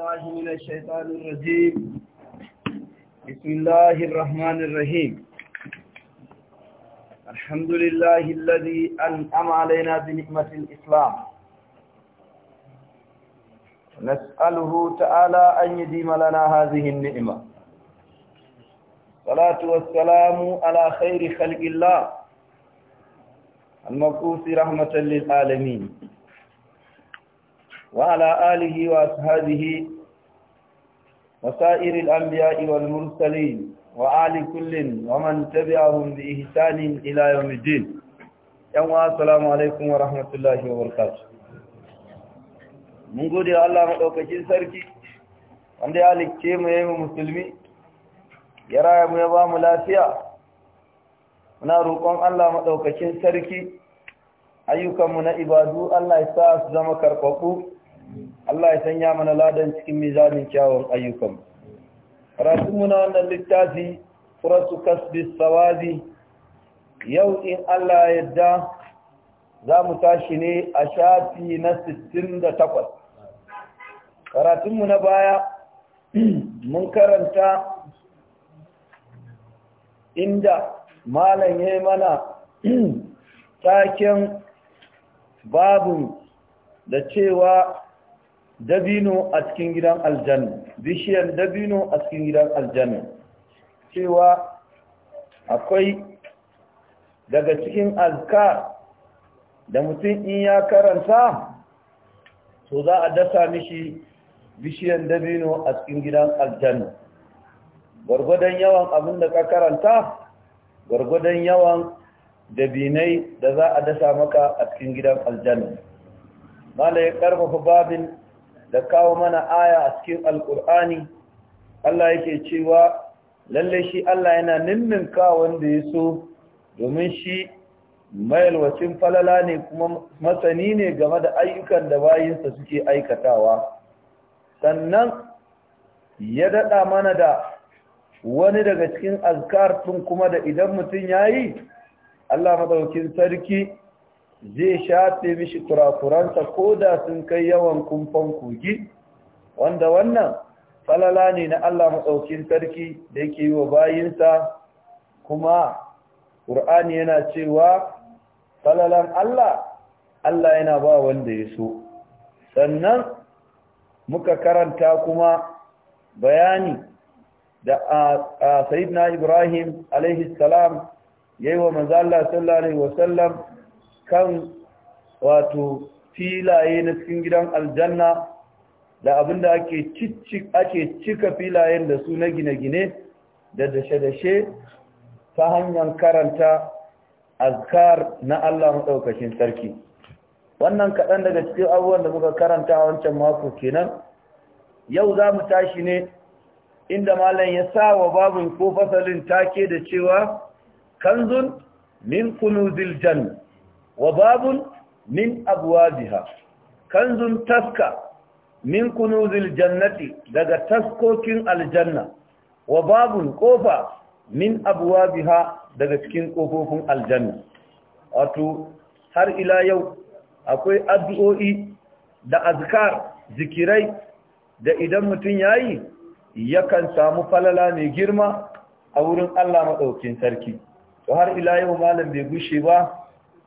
الله من الشيطان الرجيم بسم الله الرحمن الرحيم الحمد لله الذي أنعم علينا بنعمة الإسلام نسأله تعالى أن يديم لنا هذه النعمة صلاة والسلام على خير خلق الله المبعوث رحمة للعالمين وعلى آله وأصحابه وسائر الأنبياء والمرسلين وآل كل ومن تبعهم بإحسان إلى يوم الدين يوم السلام عليكم ورحمة الله وبركاته mun gode Allah maɗaukakin sarki wanda ya halicce mu yayi musulmi ya raya ya ba mu lafiya muna roƙon Allah maɗaukakin sarki ayyukanmu na ibadu Allah ya sa su zama karɓaɓɓu Allah ya sanya mana ladan cikin mizanin kyawun ayyukan karatunmu na wannan littafi furasu kasbi sawazi yau in Allah ya yarda za mu tashi ne a shafi na 68 karatunmu na baya mun karanta inda malam ya mana taken babu da cewa dabino a cikin gidan aljanna bishiyar dabino a cikin gidan aljanna cewa akwai daga cikin azkar da mutum in ya karanta to za a dasa mishi bishiyar dabino a cikin gidan aljanna gwargwadon yawan abin da ka karanta gwargwadon yawan dabinai da za a dasa maka a cikin gidan aljanna da ya karfafa babin da kawo mana aya a cikin alkur'ani Allah yake cewa lalle shi Allah yana ninninka wanda ya so domin shi mayalwacin falala ne kuma masani ne game da ayyukan da bayinsa suke aikatawa sannan ya daɗa mana da wani daga cikin azkar tun kuma da idan mutum ya yi Allah maɗaukin sarki zai shafe mishi kurakuransa ko da sun kai yawan kumfan kogi wanda wannan falala ne na Allah maɗaukin sarki da yake yi wa bayinsa kuma ƙur'ani yana cewa falalan Allah Allah yana ba wanda ya so sannan muka karanta kuma bayani da a Sayyidina ibrahim alaihi salam yayi wa manzo Allah sallallahu alaihi wasallam kan wato filaye na cikin gidan aljanna da abinda ake ake cika filayen da su na gine-gine da dashe-dashe ta hanyar karanta azkar na Allah maɗaukacin sarki wannan kaɗan daga cikin abubuwan da muka karanta a wancan mako kenan yau za mu tashi ne inda malam ya sa wa babin ko fasalin take da cewa kanzun min kunuzil janna wa babun min abwabiha kanzun taska min kunuzil jannati daga taskokin aljanna wa babun kofa min abwabiha daga cikin kofofin aljanna wato har ila yau akwai addu'o'i da azkar zikirai da idan mutum yayi yakan samu falala mai girma a wurin Allah maɗaukin sarki to har ila yau malam bai gushe ba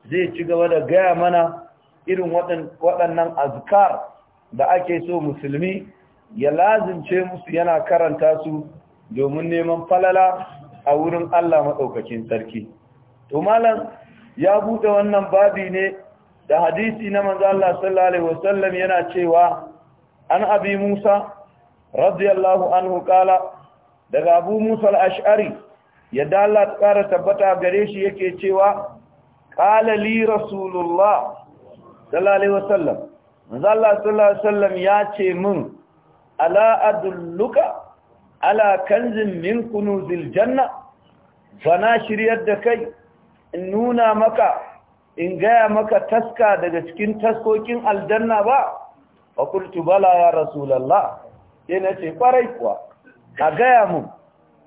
zai ci gaba da gaya mana irin waɗannan azkar da ake so musulmi ya lazince musu yana karanta su domin neman falala a wurin Allah maɗaukacin sarki. To malam ya buɗe wannan babi ne da hadisi na manzo Allah sallallahu alaihi wasallam yana cewa an abi Musa radiyallahu anhu kala daga Abu Musa al-Ash'ari yadda Allah ta ƙara tabbata gare shi yake cewa qala li rasulullah sallallahu wasallam manzo Allah sallallahu wasallam ya ce min ala adulluka ala kanzin min kunu janna Bana shiryar da kai in nuna maka in gaya maka taska daga cikin taskokin aljanna ba fa qultu bala ya rasulallah. Yana ce farai kuwa a gaya mun.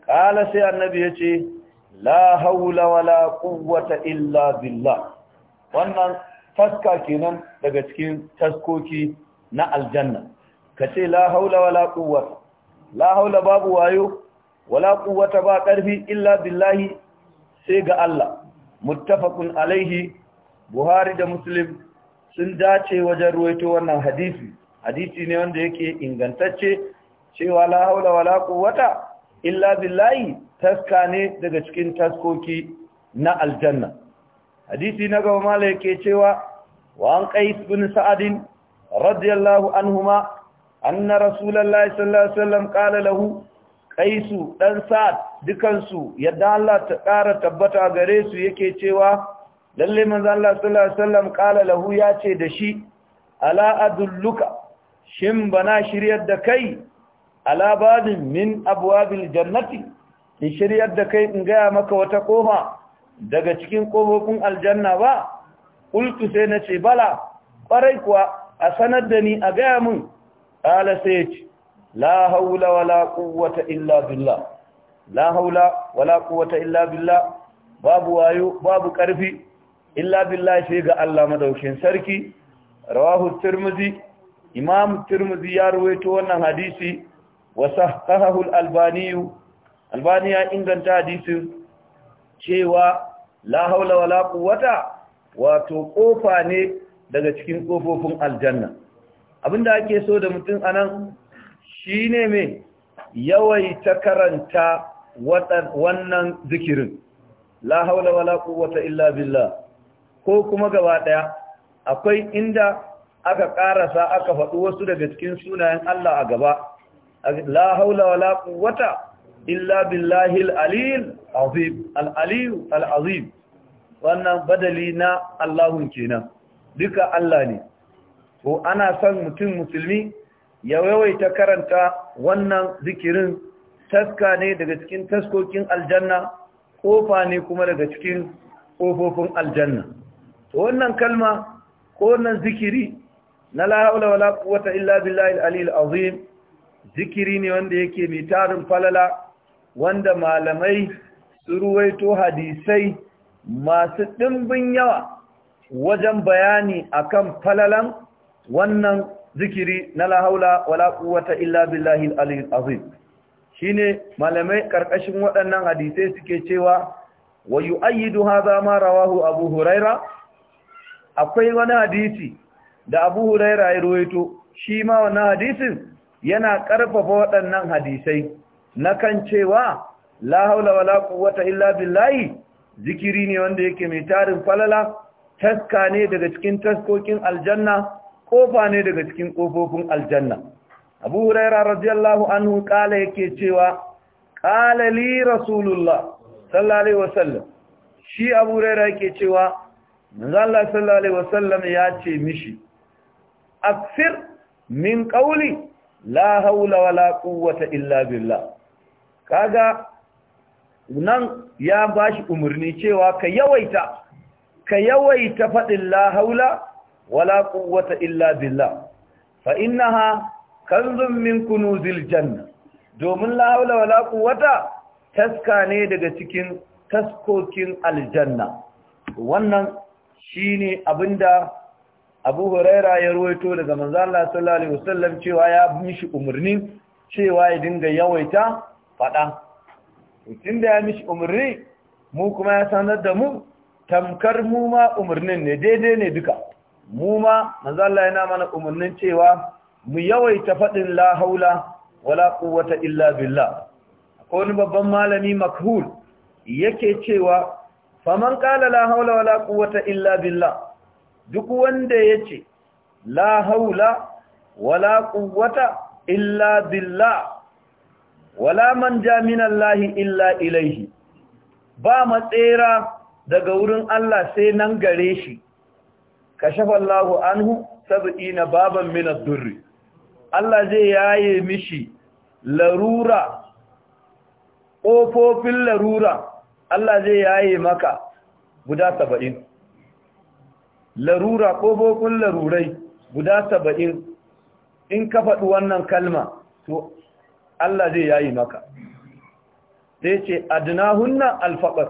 kala sai annabi ce. la haula wala quwwata illa billah wannan taska kenan daga cikin taskoki na aljanna kace la haula wala quwwata la haula babu wayo wala quwwata ba karfi illa billahi sai ga Allah muttafaqun alaihi buhari da muslim sun dace wajen ruwaito wannan hadisi hadisi ne wanda yake ingantacce cewa la haula wala quwwata illa billahi taska ne daga cikin taskoki na aljanna hadisi na gaba mala yake cewa wa an qais bin sa'adin radiyallahu anhuma anna rasulullahi sallallahu alaihi wasallam qala lahu qaisu dan sa'ad dukansu yadda Allah ta ƙara tabbata gare su yake cewa lalle manzo Allah sallallahu alaihi wasallam qala lahu yace da shi ala adulluka shin bana shiryar da kai ala badin min abwabil jannati in shiryar da kai in gaya maka wata koma daga cikin kofofin aljanna ba ƙultu sai na ce bala ƙwarai kuwa a sanar da ni a gaya min ƙala sai ce la haula wala quwwata illa billah la haula wala quwwata illa billah babu wayo babu ƙarfi illa billah sai ga Allah madaukin sarki rawahu Turmuzi, imam Turmuzi, ya rawaito wannan hadisi wa sahahahu al albani ya inganta hadisin cewa la haula wala quwwata wato kofa ne daga cikin kofofin aljanna abinda ake so da mutum anan shine me yawaita karanta wannan zikirin la haula wala quwwata illa billah ko kuma gaba daya akwai inda aka karasa aka faɗi wasu daga cikin sunayen Allah a gaba la haula wala quwwata illa billahi al azim wannan badali na Allahun kenan duka Allah ne ko ana son mutum musulmi ya yawaita karanta wannan zikirin taska ne daga cikin taskokin aljanna kofa ne kuma daga cikin ƙofofin aljanna to wannan kalma ko wannan zikiri na la haula illa billahi al azim zikiri ne wanda yake mai tarin falala wanda malamai su ruwaito hadisai masu ɗimbin yawa wajen bayani akan falalan wannan zikiri na la haula wala quwwata illa billahi al-aliyyil azim shine malamai karkashin waɗannan hadisai suke cewa wa yu'ayyidu hadha ma rawahu abu huraira akwai wani hadisi da abu huraira ya ruwaito shi ma wani hadisin yana ƙarfafa waɗannan hadisai na kan cewa la haula wala quwwata illa billahi zikiri ne wanda yake mai tarin falala taska ne daga cikin taskokin aljanna kofa ne daga cikin kofofin aljanna abu huraira radiyallahu anhu kala yake cewa kala li rasulullah sallallahu alaihi wasallam shi abu huraira yake cewa manzo Allah sallallahu alaihi wasallam ya ce mishi akfir min qawli la haula wala quwwata illa billah kaga nan ya bashi umarni cewa ka yawaita ka yawaita faɗin la haula wala quwwata illa billah fa innaha kanzun min kunuzil janna domin la haula wala quwwata taska ne daga cikin taskokin aljanna wannan shine abinda Abu Huraira ya ruwaito daga manzo Allah sallallahu alaihi wasallam cewa ya mishi umarni cewa ya dinga yawaita faɗa tun da ya mishi umarni mu kuma ya sanar da mu tamkar mu ma umarnin ne daidai ne duka mu ma manzala yana mana umarnin cewa mu yawaita faɗin la haula wala quwwata illa billah ko wani babban malami makhul yake cewa faman ƙala la haula wala quwwata illa billah duk wanda ya ce, la haula wala ƙuwata illa billah wala man lahi illa ilaihi ba matsera daga wurin Allah sai nan gare shi kashafallahu anhu sab'ina baban min ad-durr Allah zai yaye mishi larura ofofin larura Allah zai yaye maka guda saba'in larura ƙofofin larurai guda saba'in in ka faɗi wannan kalma to Allah zai yayi maka sai ce adnahunna alfaqas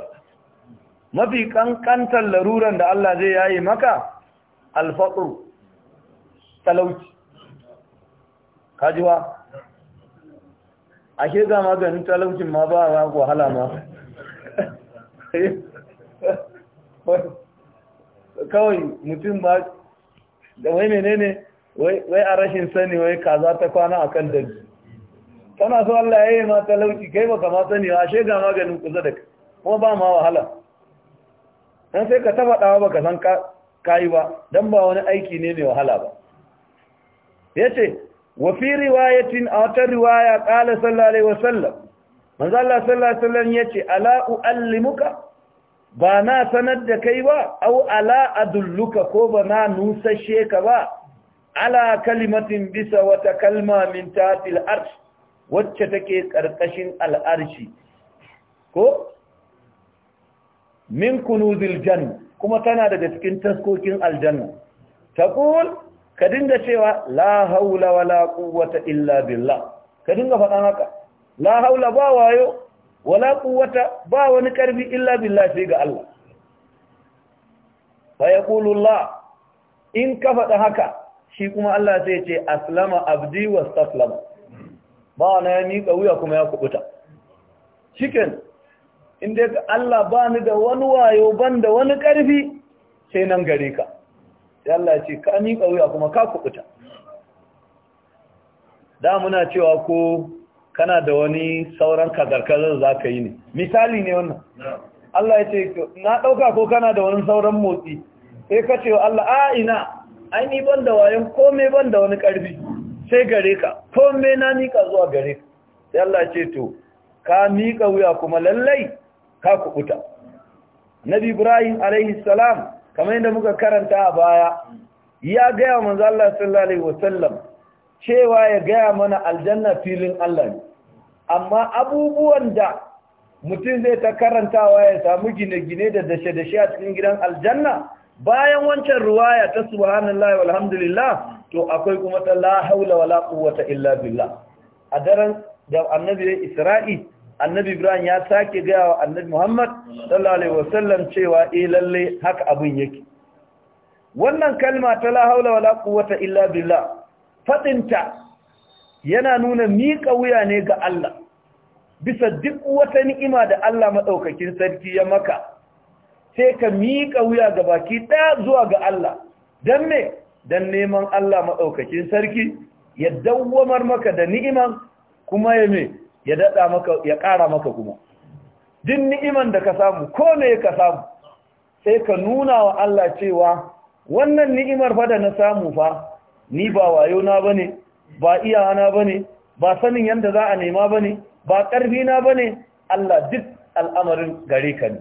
mafi kankantar laruran da Allah zai yayi maka alfaqru talauci kajiwa ake ga maganin talaucin ma ba wa wahala ma kawai mutum ba da wai menene wai a rashin sani wai kaza ta kwana akan daji kana so Allah ya yi ma talauci kai baka ma sani ba ashe ga maganin kusa da kuma ba ma wahala Don sai ka taba dawa baka san kayi ba don ba wani aiki ne mai wahala ba ce wa fi riwayatin a wata riwaya kala sallalai wa sallam. manzo Allah sallallahu alaihi wasallam yace ala uallimuka ba na sanar da kai ba au ala adulluka ko ba na nusashe ka ba ala kalimatin bisa wata kalma min tatil arsh wacce take ƙarƙashin al'arshi ko min kunuzil janna kuma tana daga cikin taskokin aljanna taqul ka dinga cewa la haula wala quwwata illa billah ka dinga faɗan haka la haula ba wayo wala quwwata ba wani karfi illa billah sai ga Allah fa yaqulu Allah in ka faɗa haka shi kuma Allah sai ce aslama abdi wastaslama ba na ya miƙa wuya kuma ya kubuta shiken inda ya Allah ba ni da wani wayo ban da wani ƙarfi sai nan gare ka ya Allah ya ce ka miƙa wuya kuma ka kubuta da muna cewa ko kana da wani sauran kazarkazar za ka yi ne misali ne wannan Allah ya ce na ɗauka ko kana da wani sauran motsi sai ka ce wa Allah a ina ai ni ban da wayan komai ban da wani ƙarfi sai gare ka komai na mika zuwa gare ka sai Allah ce to ka miƙa wuya kuma lallai ka kubuta nabi ibrahim alaihi salam kamar yadda muka karanta a baya ya gaya manzo Allah sallallahu alaihi wasallam cewa ya gaya mana aljanna filin Allah ne amma abubuwan da mutum zai ta karantawa ya samu gine-gine da dashe-dashe a cikin gidan aljanna bayan wancan ruwaya ta subhanallah alhamdulillah. to akwai kuma ta la haula wala quwwata illa billah a daren da annabi Isra'i annabi Ibrahim ya sake gaya wa annabi Muhammad sallallahu alaihi wasallam cewa eh lalle haka abin yake wannan kalma ta la haula wala quwwata illa billah fadinta yana nuna miƙa wuya ne ga Allah bisa duk wata ni'ima da Allah madaukakin sarki ya maka sai ka miƙa wuya ga baki ɗaya zuwa ga Allah dan me don neman Allah maɗaukakin sarki ya dawwamar maka da ni'iman kuma ya me ya daɗa maka ya ƙara maka kuma Din ni'iman da ka samu ko me ka samu sai ka nuna wa Allah cewa wannan ni'imar fa da na samu fa ni ba wayo na bane ba iyawana bane ba sanin yanda za a nema bane ba ƙarfi na bane Allah duk al'amarin gare ka ne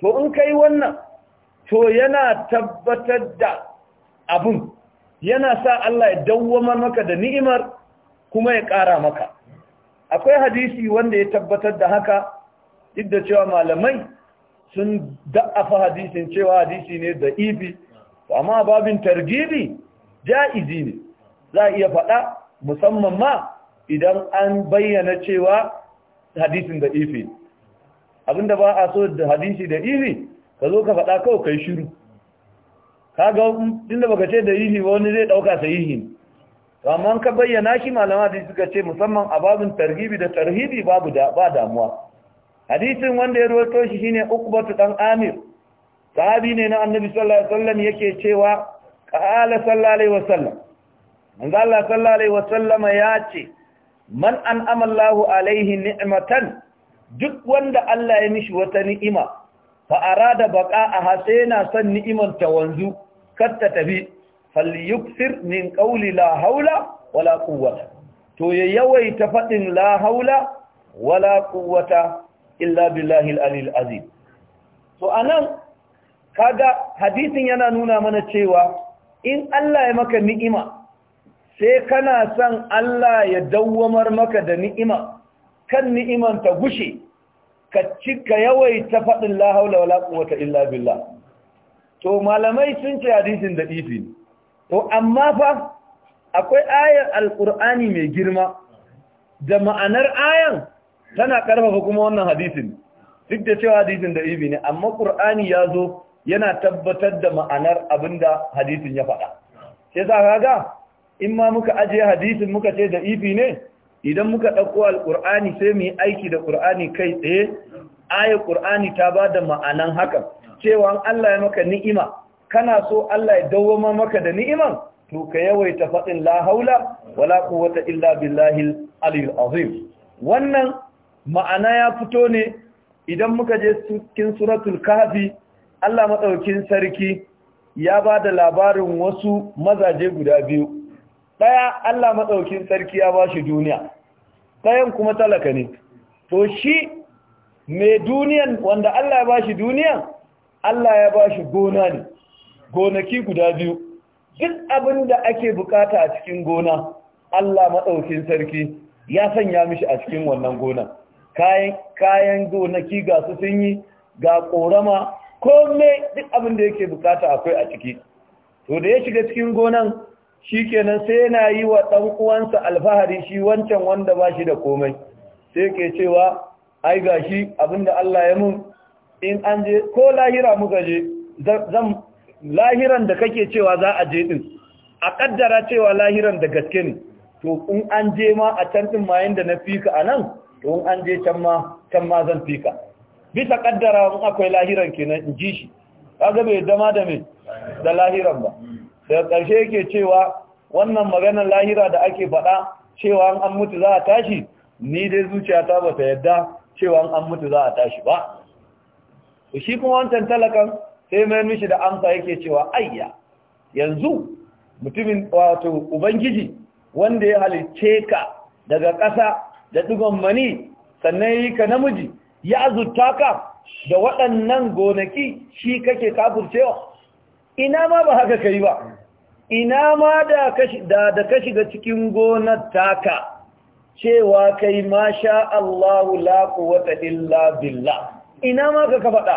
to in kai wannan to yana tabbatar da abin. yana sa Allah ya dawwamar maka da ni'imar kuma ya ƙara maka akwai hadisi wanda ya tabbatar da haka duk da cewa malamai sun da'afa hadisin cewa hadisi ne da ibi amma babin targibi ja'izi ne za a iya faɗa musamman ma idan an bayyana cewa hadisin da ibi abinda ba a so da hadisi da ibi ka zo ka faɗa kawai kai shiru kaga tunda baka ce dalili ba wani zai dauka sahihin to amma ka bayyana shi malama da suka ce musamman a babin tarhibi da tarhibi babu da ba damuwa hadisin wanda ya rawaito shi shine Uqbatu dan Amir sahabi ne na Annabi sallallahu alaihi wasallam yake cewa qala sallallahu alaihi wasallam manzo Allah sallallahu alaihi wasallam ya ce man an amallahu alaihi ni'matan duk wanda Allah ya mishi wata ni'ima fa arada baqa a hasena san ni'imanta wanzu kar ta tafi falyuksir min qawli la haula wala quwwata to ya yawaita fadin la haula wala quwwata illa billahi al-alil azim to anan kaga hadisin yana nuna mana cewa in Allah ya maka ni'ima sai kana son Allah ya dawwamar maka da ni'ima kan ni'iman ta gushe ka cika yawaita faɗin la wala quwwata illa billah to malamai sun ce hadisin da ifi to amma fa akwai ayar alƙur'ani mai girma da ma'anar ayan tana ƙarfafa kuma wannan hadisin duk da cewa hadisin da ɗifi ne amma ƙur'ani ya zo yana tabbatar da ma'anar abin da hadisin ya faɗa sai ka ga? in ma muka ajiye hadisin muka ce da ɗifi ne idan muka ɗauko alkur'ani sai mu yi aiki da ƙur'ani kai tsaye ayar ƙur'ani ta ba da ma'anan hakan cewa Allah ya maka ni'ima kana so Allah ya dawwama maka da ni'iman to ka yawaita faɗin la haula wala quwwata illa billahi aliyyil azim wannan ma'ana ya fito ne idan muka je cikin suratul kahfi Allah madaukin sarki ya ba da labarin wasu mazaje guda biyu daya Allah madaukin sarki ya ba shi duniya dayan kuma talaka ne to shi mai duniyan wanda Allah ya ba shi duniyan Allah ya bashi gona ne gonaki guda biyu duk abin da ake bukata a cikin gona Allah maɗaukin sarki ya sanya mishi a cikin wannan gona kayan gonaki ga su sun yi ga korama kome duk abin da yake bukata akwai a ciki to da ya shiga cikin gonan shi nan sai yana yi wa ɗan uwansa alfahari shi wancan wanda ba shi da komai sai ke cewa ai gashi abinda Allah ya mun in an je ko lahira muka je zan lahiran da kake cewa za a je din a kaddara cewa lahiran da gaske ne to in an je ma a can din ma yanda na fika anan to in an je can ma can ma zan fika bisa kaddara in akwai lahiran kenan in ji shi kaga bai zama da me da lahiran ba sai ƙarshe yake cewa wannan maganar lahira da ake faɗa cewa an mutu za a tashi ni dai zuciyata ba ta yadda cewa an mutu za a tashi ba to shi kuma wancan talakan sai mai mishi da amsa yake cewa ayya yanzu mutumin wato ubangiji wanda ya halicce ka daga ƙasa da dugon mani sannan yi ka namiji ya azurta ka da waɗannan gonaki shi kake kafurcewa ina ma ba haka ka yi ba ina ma da ka shiga cikin gonar taka cewa kai masha Allahu la quwwata illa billah ina ma ka faɗa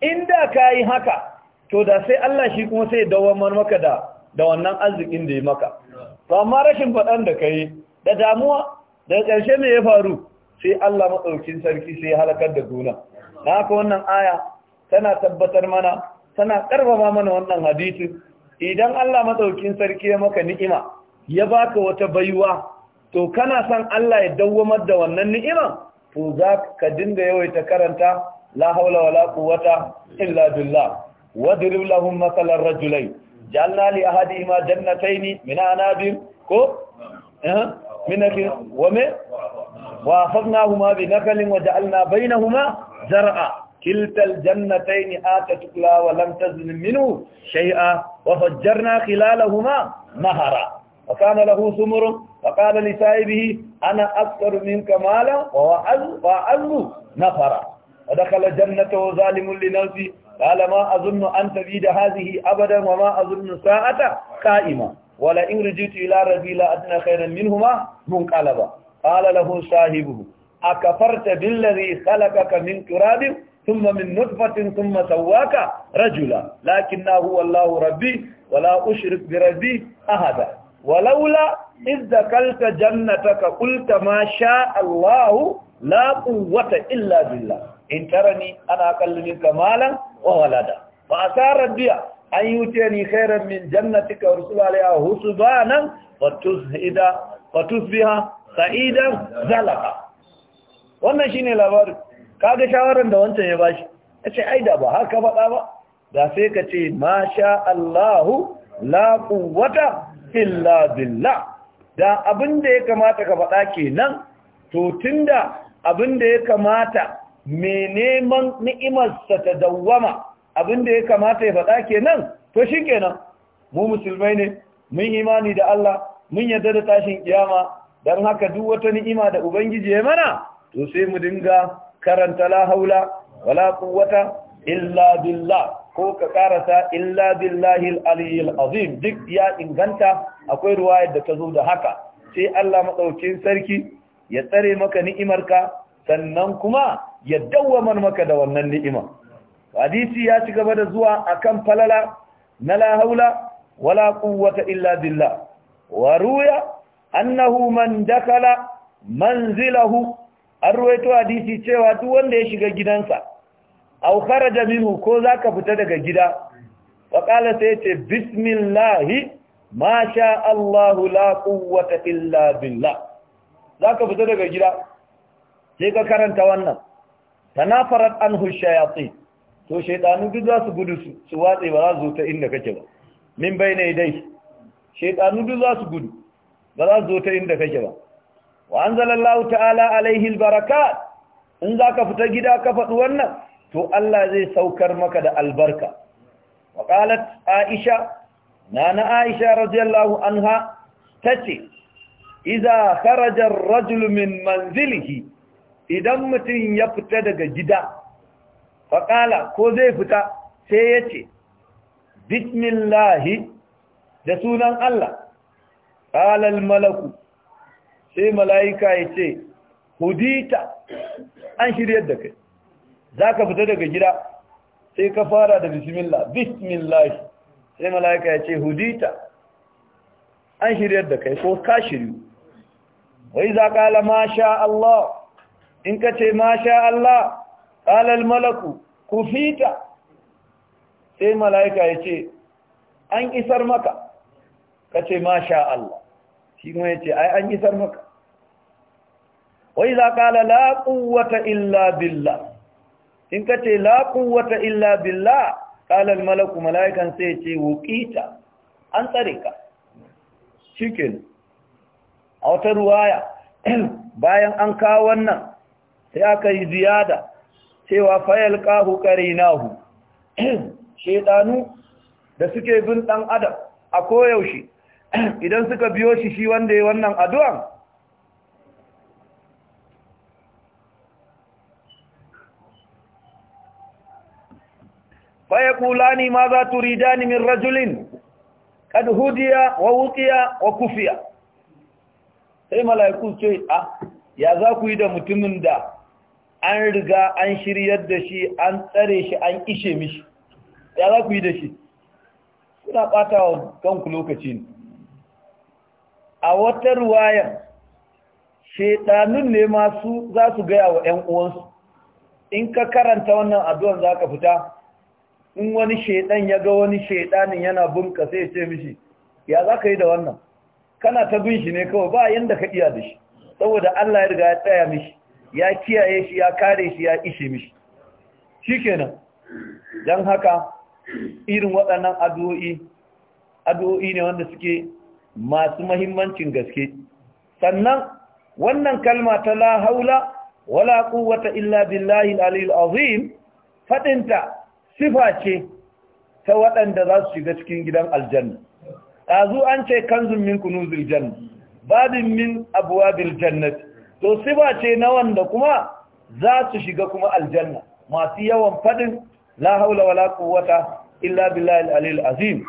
inda ka yi haka to da sai Allah shi kuma sai dawamar maka da da wannan arzikin da ya maka to amma rashin faɗan da ka yi da damuwa da ƙarshe me ya faru sai Allah matsaukin sarki sai ya halakar da gona. na haka wannan aya tana tabbatar mana tana karfafa mana wannan hadisin idan Allah matsaukin sarki ya maka ni'ima ya baka wata baiwa to kana son Allah ya dawwamar da wannan ni'imar to za ka dinga yawaita karanta la haula wala quwwata illa billah wadrib lahum mathalan rajulain jalna li ahadihima jannatayn min anabin ko eh min akin wa ma wa hafnahuma bi nakalin wa ja'alna bainahuma zar'a كلتا الجنتين آتت كلا ولم تزلم منه شيئا وفجرنا خلالهما نهرا وكان له ثمر فقال لسائبه أنا أكثر منك مالا وأعز نفرا ودخل الجنة ظالم لنفسه قال ما أظن أن تبيد هذه أبدا وما أظن ساعة قائمة ولئن رجعت إلى ربي لا أدنى خيرا منهما منقلبا قال له صاحبه أكفرت بالذي خلقك من تراب ثم من نطفة ثم سواك رجلا لكنه هو الله ربي ولا أشرك بربي أحدا walaula izda kalta jannataka qulta ma sha Allahu la quwwata illa billah in tarani ana aqallu kamalan wa walada fa asara biya an yutani khairan min jannatika wa rusul alaiha husbanan fatuzhida fatusbiha sa'idan zalaka wannan shine labarin kaga shawaran da wancan ya bashi yace ai da ba haka faɗa ba da sai ka ce ma sha Allahu la quwwata illa billah da abin da ya kamata ka faɗa kenan to tunda abin da ya kamata mai neman ni'imarsa ta dawwama abin da ya kamata ya faɗa kenan to shi kenan mu musulmai ne mun imani da Allah mun yarda da tashin kiyama dan haka duk wata ni'ima da ubangiji ya mana to sai mu dinga karanta la haula wala quwwata illa billah ko ka karasa illa billahi al-aliyyil azim duk ya inganta akwai ruwayar da ta zo da haka sai Allah madaukakin sarki ya tsare maka ni'imarka sannan kuma ya dawwamar maka da wannan ni'ima hadisi ya ci gaba da zuwa akan falala na la haula wala quwwata illa billah wa ruya annahu man dakala manzilahu arwayto hadisi cewa duk wanda ya shiga gidansa aw kharaja minhu ko zaka fita daga gida wa qala sai yace bismillahi ma sha Allah la quwwata illa billah zaka fita daga gida sai ka karanta wannan tanafarat anhu shayatin to shaytanu duk za su gudu su watsa ba za su zo ta inda kake ba min bayne dai shaytanu duk za su gudu ba za su zo ta inda kake ba wa anzalallahu ta'ala alaihi albarakat in zaka fita gida ka faɗi wannan to Allah zai saukar maka da albarka wa qalat aisha nana aisha radiyallahu anha tace idza kharaja ar-rajul min manzilihi idan mutum ya fita daga gida fa qala ko zai fita sai yace bismillah da sunan Allah qala al-malaku sai malaika yace hudita an shiryar da kai za ka fita daga gida sai ka fara da bismillah bismillah sai mala'ika ya ce hudita an shiryar da kai ko ka shiryu wai za ka ala masha Allah in ka ce masha Allah ƙalal malaku ku fita sai mala'ika ya ce an isar maka ka ce masha Allah shi kuma ya ce ai an isar maka wai za ka ala la illa billah in ka ce la wata illa billah kalal malaku malaikan sai ce wuƙita. an tsare ka shikenan a wata ruwaya bayan an kawo wannan sai aka yi ziyada cewa fayal qahu qarinahu shaidanu da suke bin ɗan adam a koyaushe idan suka biyo shi shi wanda ya wannan addu'an kulani maza تريدان من rajulin? Kada هدي ووقي wakufia sai malaiku ce a ya za ku yi da mutumin da an riga an shiryar da shi an tsare shi an ishe mishi ya za ku yi da shi kuna ɓata wa kanku lokaci ne a wata ruwaya shaidanun ne masu za su gaya wa ‘yan uwansu in ka karanta wannan addu'an za ka fita in wani shaidan ya ga wani shaidanin yana bunka sai ya ce mishi ya za ka yi da wannan kana ta bin shi ne kawai ba yadda ka iya da shi saboda Allah ya riga ya tsaya mishi ya kiyaye shi ya kare shi ya ishe mishi shikenan don haka irin waɗannan addu'o'i addu'o'i ne wanda suke masu mahimmancin gaske sannan wannan kalma ta la haula wala quwwata illa billahi al-aliyyil azim fadinta sifa ce ta waɗanda za su shiga cikin gidan aljanna ɗazu an ce kanzun min kunuzul janna babin min abwabil jannati to sifa ce na wanda kuma za su shiga kuma aljanna masu yawan faɗin la haula wala quwwata illa billahi alil azim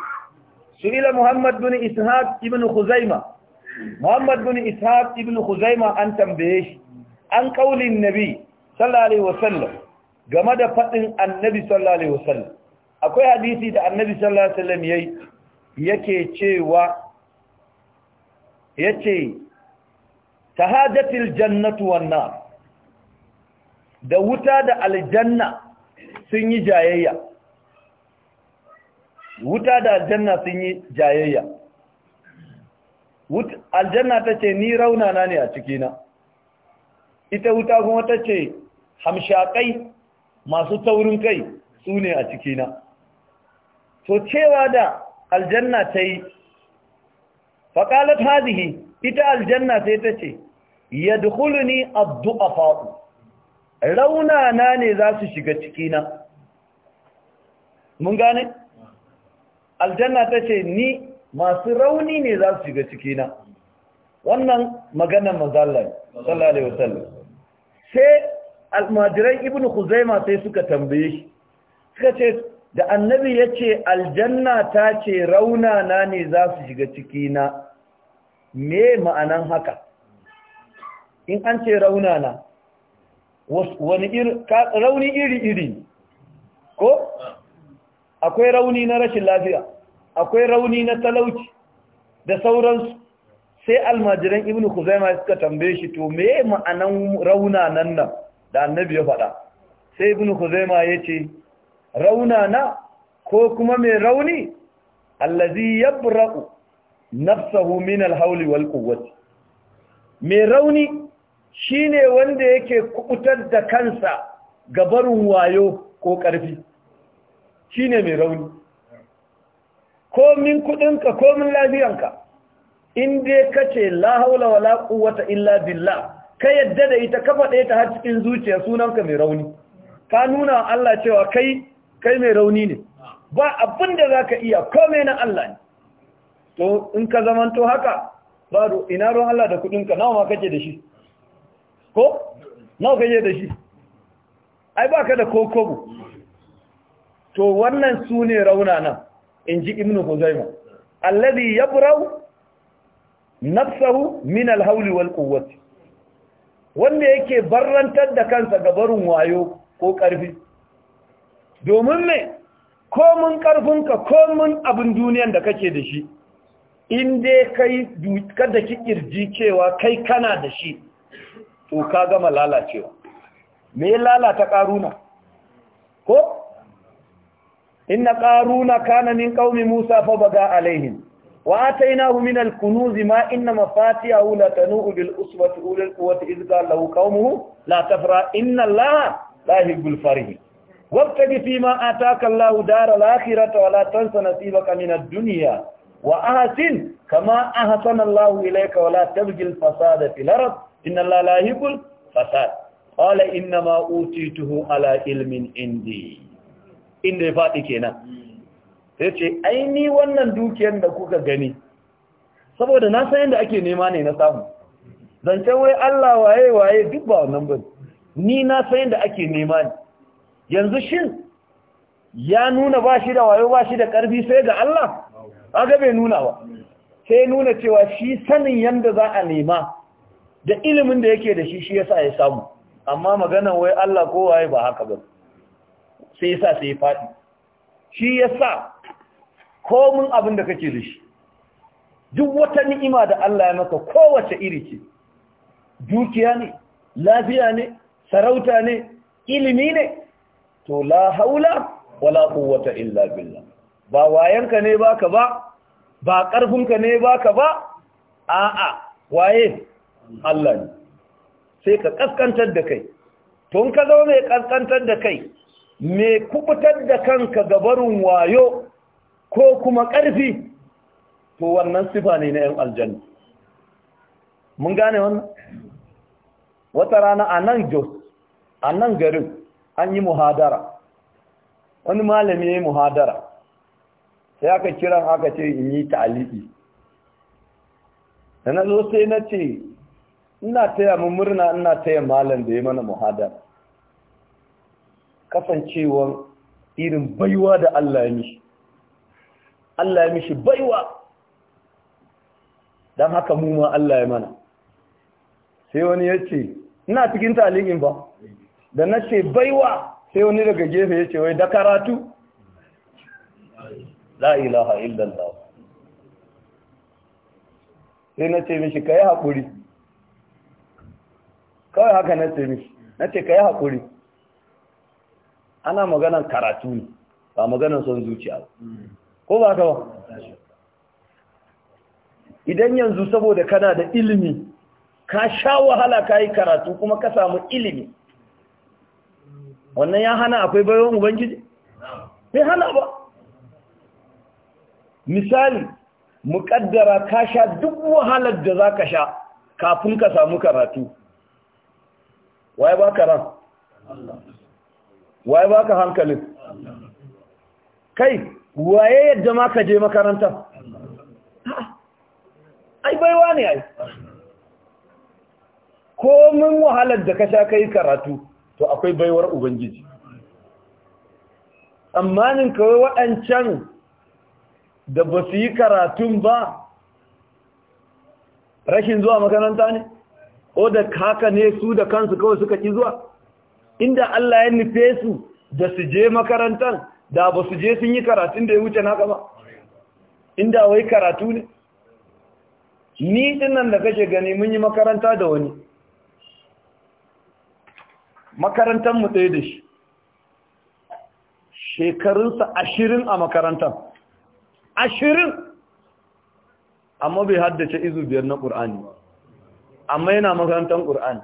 su'ila muhammad bin ishaq ibn khuzaima muhammad bin ishaq ibn khuzaima an tambaye shi an kaulin nabi sallallahu alaihi wasallam game da faɗin annabi sallallahu alaihi wasallam akwai hadisi da annabi sallallahu alaihi wasallam yayi yake cewa yace tahadatil jannatu wan nar da wuta da aljanna sun yi jayayya wuta da aljanna sun yi jayayya aljanna ta ce ni raunana ne a cikina ita wuta kuma ta ce hamshakai masu taurin kai su ne a cikina to cewa da aljanna ta yi faƙalat hazihi ita aljanna sai ta ce yadda ya abdu a fa'u raunana ne za su shiga cikina mun gane? aljanna ta ce ni masu rauni ne za su shiga cikina wannan maganan mazallar sallallahu alaihi wasallam sai almajiran ibn Khuzaima sai suka tambaye shi suka ce da annabi yace aljanna ta ce raunana ne za su shiga cikina me ma'anan haka in an ce raunana wani rauni iri-iri ko akwai rauni na rashin lafiya akwai rauni na talauci da sauransu sai almajiran ibn Khuzaima suka tambaye shi to me ma'anan rauna raunanan nan da annabi ya faɗa sai ibn khuzaima yace rauna na ko kuma mai rauni allazi yabra'u nafsuhu min alhawli wal quwwati mai rauni shine wanda yake kubutar da kansa ga barin wayo ko karfi shine mai rauni Ko komin kudinka min lafiyanka in dai kace la hawla wala quwwata illa billah ka yadda da ita kafa ɗaya ta har cikin zuciya sunanka mai rauni ka nuna wa Allah cewa kai kai mai rauni ne ba abin da za ka iya kome na Allah ne to in ka to haka ba ina ruwan Allah da kudinka nawa ma kake da shi ko nawa kake da shi ai ba ka da kokobu to wannan su ne raunana in ji ibnu huzaima allazi yabrau nafsahu min alhawli walquwwati wanda yake barrantar da kansa ga barin wayo ko ƙarfi domin me komin ƙarfinka komin abin duniyan da kake da shi in dai kai da ki kirji cewa kai kana da shi to ka gama lalacewa me lalata karuna ko inna karuna kana min qaumi musa fa baga alaihim وآتيناه من الكنوز ما إن مفاتيحه لتنوء بالأسوة أولي القوة إذ قال له قومه لا تفرح إن الله لا يحب الفرح وابتغ فيما آتاك الله دار الآخرة ولا تنس نصيبك من الدنيا وأحسن كما أحسن الله إليك ولا تبغي الفساد في الأرض إن الله لا يحب الفساد قال إنما أوتيته على علم عندي إن فاتي كنا sai ce ai ni wannan dukiyar da kuka gani saboda na san yadda ake nema ne na samu zancen wai Allah waye waye duk ba wannan ba ni na san yadda ake nema ne yanzu shin ya nuna ba shi da wayo ba shi da karfi sai ga Allah aga bai nuna ba sai nuna cewa shi sanin yadda za a nema da ilimin da yake da shi shi yasa ya samu amma maganan wai Allah ko waye ba haka ba sai yasa sai ya faɗi shi ya yasa komin abin da kake da shi duk wata ni'ima da Allah ya maka kowace iri ce dukiya ne lafiya ne sarauta ne ilimi ne to la haula wala quwwata illa billah ba wayanka ne baka ba ba karfinka ne baka ba a'a waye Allah ne sai ka kaskantar da kai tun ka zo mai kaskantar da kai me kubutar da kanka gabarin wayo ko kuma ƙarfi to wannan sifa ne na 'yan aljanna mun gane wannan wata rana a nan jos a nan garin an yi muhadara wani malami ya yi muhadara sai aka kiran aka ce in yi ta'aliki da na zo sai na ce ina taya mu murna ina taya malam da ya mana muhadara kasancewar irin baiwa da Allah ya mishi Allah ya mishi baiwa don haka mu ma Allah ya mana sai wani ya ce ina cikin talibin ba da na ce baiwa sai wani daga gefe ya ce wai da karatu la ilaha illallah sai na ce mishi ka yi haƙuri kawai haka na ce mishi na ce ka yi haƙuri ana maganan karatu ne ba maganan son zuciya ko ba ta idan yanzu saboda kana da ilimi ka sha wahala ka yi karatu kuma ka samu ilimi wannan ya hana akwai bayan ubangiji? bai hana ba misali muƙaddara ka sha duk wahalar da za ka sha kafin ka samu karatu waye ba ka ran? waye baka hankalin kai waye yadda ma ka je makaranta ai baiwa ne ai komin wahalar da ka sha kai karatu to akwai baiwar ubangiji tsammanin kawai waɗancan da ba su yi karatun ba rashin zuwa makaranta ne ko da haka ne su da kansu kawai suka ƙi zuwa inda Allah ya nufe su da su je makarantar da ba su je sun yi karatun da ya wuce naka ba inda wai karatu ne ni dinnan da kake gani mun yi makaranta da wani makarantar mu ɗaya da shi shekarunsa ashirin a makarantar ashirin amma bai haddace izu biyar na ƙur'ani amma yana makarantar ƙur'ani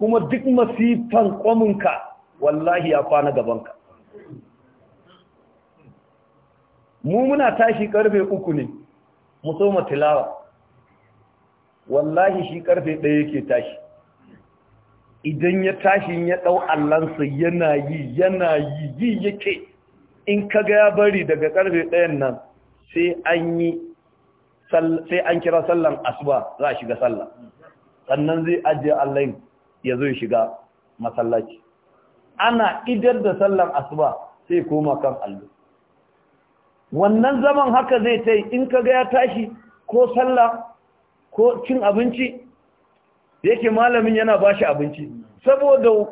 kuma duk masifan kwaminka wallahi ya kwana gabanka mu muna tashi karfe uku ne mu soma tilawa wallahi shi karfe ɗaya yake tashi idan ya tashi ya ɗau allansa yana yi yana yi yi yake in ka ya bari daga karfe ɗayan nan sai an kira sallan asuba za a shiga sallah sannan zai ajiye yin. ya zo shiga masallaci ana idar da sallar asuba sai koma kan allo wannan zaman haka zai ta yi in kaga ya tashi ko sallah ko cin abinci yake malamin yana bashi abinci saboda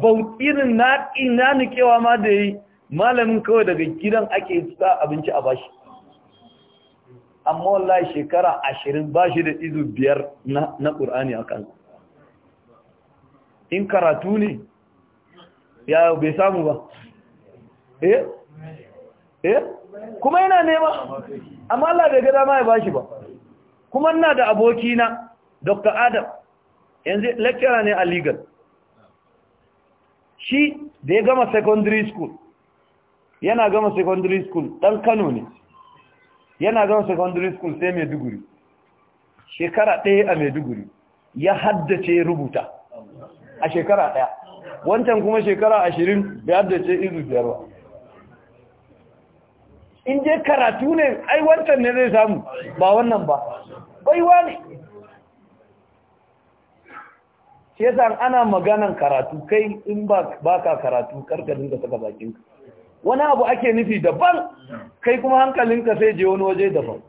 bautirin na ina nikewa ma da yi malamin kawai daga gidan ake sa abinci a bashi amma wallahi shekara ashirin bashi da izu biyar na ƙur'ani a kansu in karatu ne ya bai samu ba eh eh kuma yana nema amma Allah bai ga ma ya bashi ba kuma ina da abokina Dr. Adam yanzu lecturer ne a legal shi da ya gama secondary school yana gama secondary school dan Kano ne yana gama secondary school sai Maiduguri shekara ɗaya a Maiduguri ya haddace rubuta a shekara ɗaya wancan kuma shekara ashirin bai haddace izu biyar ba in je karatu ne ai wancan ne zai samu ba wannan ba baiwa ne Ke yasa ana maganan karatu kai in ba ka karatu karka dinga saka bakinka wani abu ake nufi daban kai kuma hankalinka sai je wani waje daban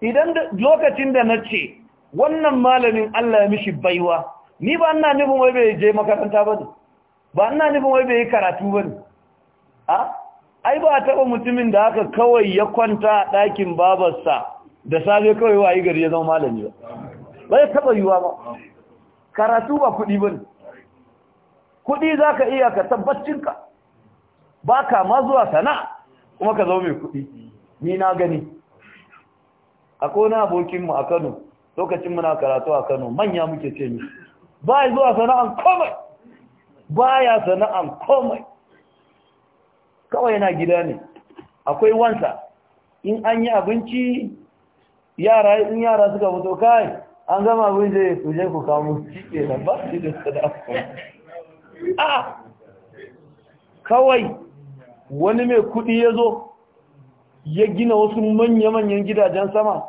idan lokacin da na ce wannan malamin Allah ya mishi baiwa ni ba ina nufin wai bai je makaranta ba ne ba ina nufin wai bai yi karatu ba ne a ai ba a taɓa mutumin da aka kawai ya kwanta a ɗakin babarsa da safe kawai wa yi gari ya zama malami ba ba ya taɓa yiwa ba karatu ba kuɗi ba ne kuɗi za ka iya ka tabbacinka ba ka ma zuwa sana'a kuma ka zama mai kuɗi ni na gani a kona abokinmu a kano lokacin muna karatu a kano manya muke ce mishi ba zuwa sana'an komai ba ya sana'an komai kawai yana gida ne akwai wansa in an yi abinci yara in yara suka fito kai an gama abin zai ku je ku kamu shi ke nan ba shi da sada'a kawai wani mai kudi ya zo ya gina wasu manya-manyan gidajen sama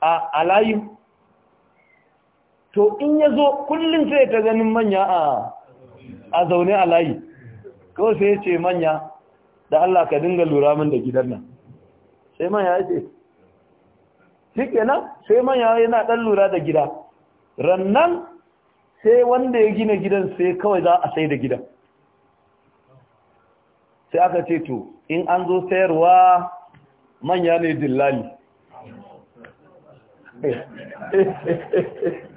a alayin to in ya zo kullum sai ta ganin manya a zaune a layi kawai sai ya ce manya da Allah ka dinga lura min da gidan nan sai manya ya ce shi kenan sai manya yana ɗan lura da gida rannan sai wanda ya gina gidan sai kawai za a sai da gidan sai aka ce to in an zo sayarwa manya ne dillali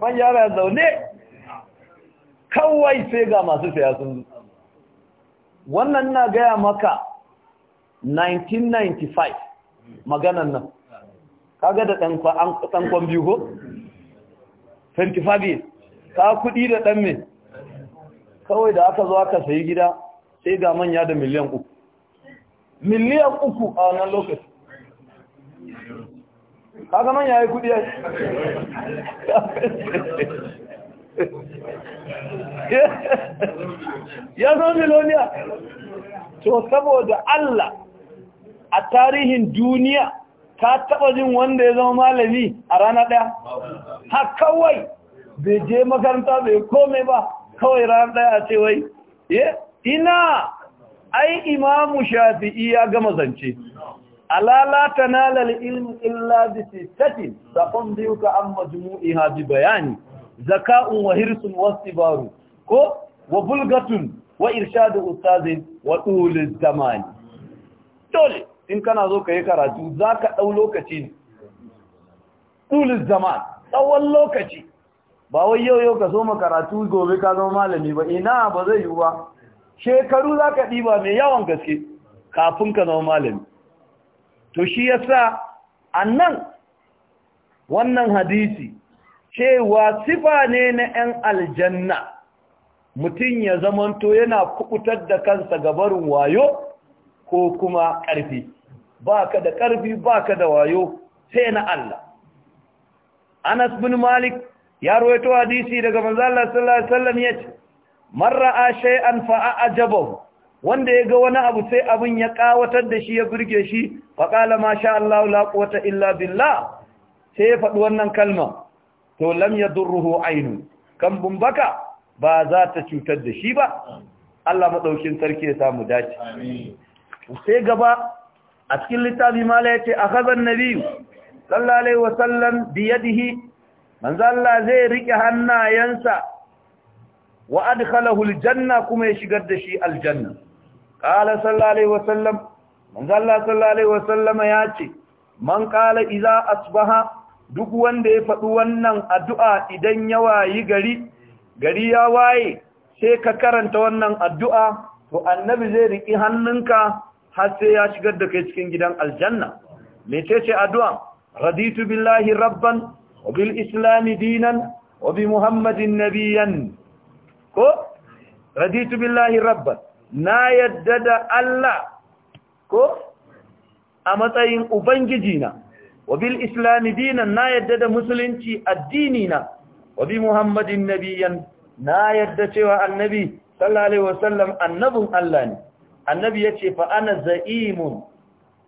man yara zaune kawai sai ga masu saya sun wannan na gaya maka 1995 maganan nan kaga da ɗankon biyu ko? 25 ka kuɗi da ɗan mai kawai da aka zo aka sayi gida sai ga manya da miliyan uku miliyan uku a wannan lokaci kaga nan yayi kudi ai ya zama miloniya to saboda Allah a tarihin duniya ka taba jin wanda ya zama malami a rana daya ha kawai bai je makaranta bai kome ba kawai rana daya ce wai eh, ina ai imamu shafi'i ya gama zance alala la tanala al-ilm illa bi sittatin saqum biuka am majmu'iha bi bayani zaka'un wa hirsun wastibaru ko wa bulgatun wa irshadu ustazin wa tulul zamani dole in kana zo kai karatu zaka dau lokaci ne zaman tsawon lokaci ba wai yau yau ka so ma karatu gobe ka zama malami ba ina ba zai yi ba shekaru zaka diba mai yawan gaske kafin ka zama malami to shi yasa annan wannan hadisi cewa sifa ne na 'yan aljanna mutum ya zamanto yana kuɓutar da kansa gabarin wayo ko kuma ƙarfi ba ka da ƙarfi ba ka da wayo sai na Allah Anas bin Malik ya ruwaito hadisi daga manzo Allah sallallahu alaihi wasallam yace man ra'a shay'an fa wanda ya ga wani abu sai abin ya kawatar da shi ya burge shi faƙala ma sha Allah la illa billah sai ya faɗi wannan kalma to lam yadurruhu aynun kan bumbaka ba za ta cutar da shi ba Allah madaukin sarki ya samu dace sai gaba a cikin littafi mala ya ce a nabiy nabiyu alaihi wasallam bi yadihi manzo Allah zai rike hannayensa wa adkhalahu al kuma ya shigar da shi aljanna qala sallallahu alaihi wasallam manzo Allah sallallahu alaihi ya ce man kala iza asbaha duk wanda ya faɗi wannan addu'a idan ya wayi gari gari ya waye sai ka karanta wannan addu'a to annabi zai riki hannunka har sai ya shigar da kai cikin gidan aljanna mecece addu'a raditu billahi rabban wa bil islami dinan wa bi muhammadin nabiyan ko raditu billahi rabban na yadda da Allah ko a matsayin ubangiji na wa bil islami dinan na yadda da musulunci addini na wa bi muhammadin nabiyan na yadda cewa annabi sallallahu alaihi wasallam annabun Allah ne annabi yace fa ana za'imun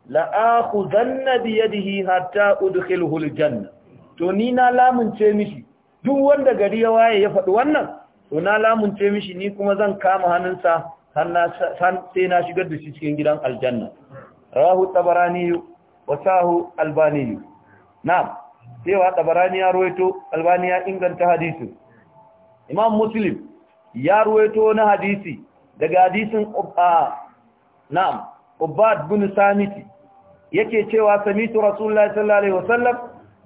la akhuzanna yadihi hatta udkhilhu aljanna to ni na lamunce mishi duk wanda gari ya waye ya faɗi wannan to na lamunce mishi ni kuma zan kama hannunsa sai na shigar da shi cikin gidan aljanna Rahu tabarani wa sahu albani na'am Sai wa tabarani ya ruwaito albani ya inganta hadisi imam muslim ya ruwaito na hadisi daga hadisin na'am ubad bin samiti yake cewa samitu rasulullahi sallallahu alaihi wasallam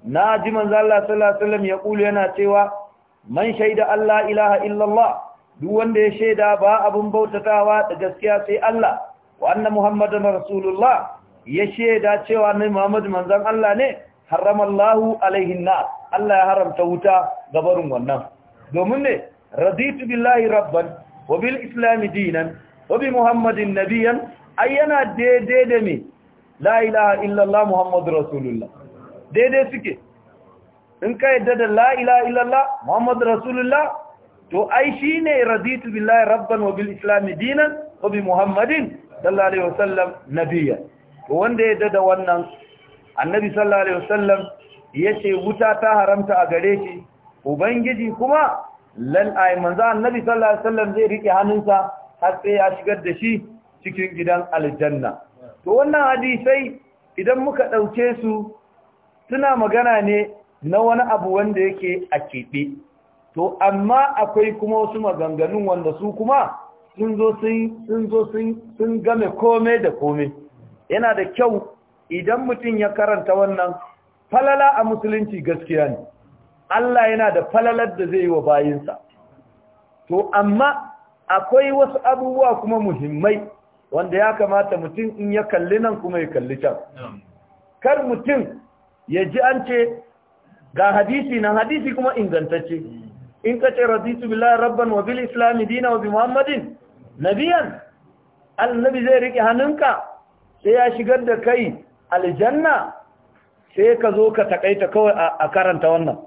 na ji manzo Allah sallallahu alaihi wasallam ya kulu yana cewa man shaida Allah ilaha illallah duk wanda ya shaida ba abin bautatawa da gaskiya sai Allah wa anna muhammadan rasulullah ya shaida cewa ni muhammad manzon Allah ne haramallahu alaihi nar Allah ya haramta wuta ga barin wannan domin ne raditu billahi rabban wa bil islam dinan wa bi muhammadin nabiyan ayyana daidai da me la ilaha illallah muhammadur rasulullah daidai suke in ka yadda da la ilaha illallah muhammadur rasulullah to ai ne raditu billahi rabban wa bil islam dinan wa bi muhammadin sallallahu alaihi wasallam nabiyya to wanda ya dada wannan annabi sallallahu alaihi wasallam yace wuta ta haramta a gare shi ubangiji kuma lan ai manzo annabi sallallahu alaihi wasallam zai rike hannunsa har sai ya shigar da shi cikin gidan aljanna to wannan hadisi idan muka dauke su suna magana ne na wani abu wanda yake a kebe to amma akwai kuma wasu maganganun wanda su kuma sun zo sun zo sun game kome da kome yana da kyau idan mutum ya karanta wannan falala a musulunci gaskiya ne Allah yana da falalar da zai yi wa bayinsa to amma akwai wasu abubuwa kuma muhimmai wanda ya kamata mutum in ya kalli nan kuma ya kalli can kar mutum ya ji an ce ga hadisi na hadisi kuma ingantacce in ka ce raditu billahi rabban wa bil islami dina wa bi muhammadin nabiyan annabi zai rike hannunka sai ya shigar da kai aljanna sai ka zo ka takaita kawai a karanta wannan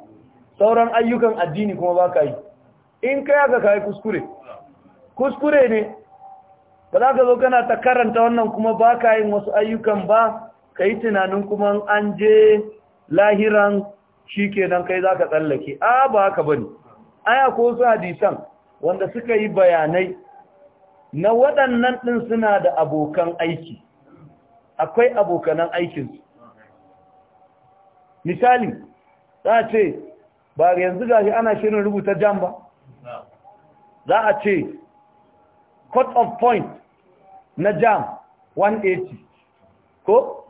sauran ayyukan addini kuma ba ka yi in ka yaga ka yi kuskure kuskure ne ba za ka zo kana ta karanta wannan kuma ba ka yin wasu ayyukan ba ka yi tunanin kuma an je lahiran shi kenan kai za ka tsallake a ba haka ba ne aya ko su hadisan wanda suka yi bayanai na waɗannan ɗin suna da abokan aiki akwai abokanan aikinsu misali za a ce ba yanzu gashi ana shirin rubuta jam ba za a ce cut of point na jam 180 ko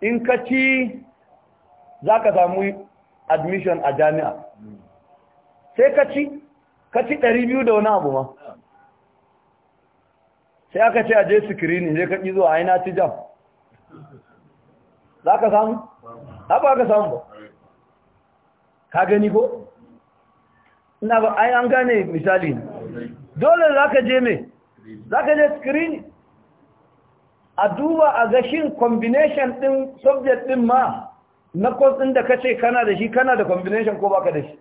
in ka ci za ka samu admission a jami'a sai ka ci ka ci ɗari biyu da wani abu ma sai aka ce a je sikirini sai ka ƙi zuwa aina ci jam za ka samu? ba ka samu ba ka gani ko? ina ba ai an gane misali dole za ka je mai, za ka je sikirini a duba a gashin combination ɗin subject ɗin ma na kwas da ka ce kana da shi kana da combination ko baka da shi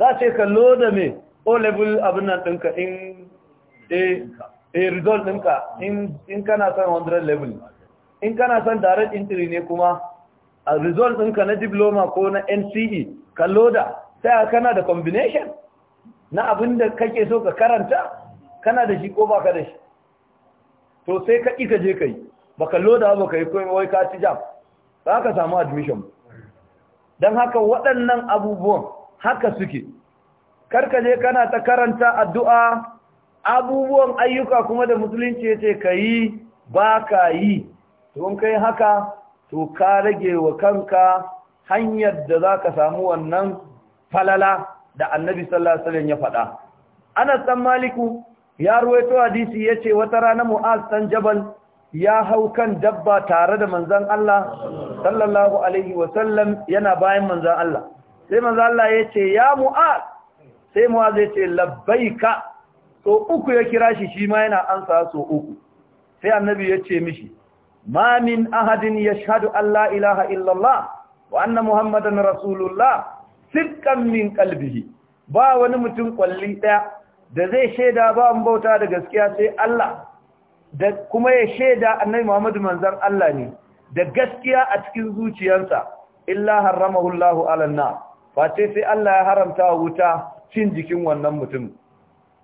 za ce ka loda me o level abin nan ɗinka in a eh, eh, result ɗinka in kana son 100 level in kana son direct entry ne kuma a result ɗinka na diploma ko na nce ka loda sai kana da combination na abin da kake so ka karanta kana da shi ko ba ka da shi to sai ka ƙi ka je ka yi ba ka loda ba ka yi wai ka ci jam za ka samu admission don haka waɗannan abubuwan haka suke karka je kana ta karanta addu'a abubuwan ayyuka kuma da musulunci ya ce ka yi ba ka yi in kai haka to ka rage wa kanka hanyar da za ka samu wannan falala da annabi sallallahu ya faɗa anas dan maliku ya ruwaito hadisi ya ce wata rana mu'az dan jabal ya hau kan dabba tare da manzan Allah sallallahu alaihi wasallam yana bayan manzan Allah sai manzo Allah ya ce ya mu'az sai mu'az ya ce labbaika so uku ya kira shi shi ma yana ansa so uku sai annabi ya ce mishi ma min ahadin yashhadu an la ilaha illallah wa anna muhammadan rasulullah sidqan min qalbihi ba wani mutum kwalli daya da zai shaida ba an bauta da gaskiya sai Allah da kuma ya shaida annabi Muhammadu manzon Allah ne da gaskiya a cikin zuciyarsa illa haramahu Allahu alanna face sai Allah ya haramta wa wuta cin jikin wannan mutum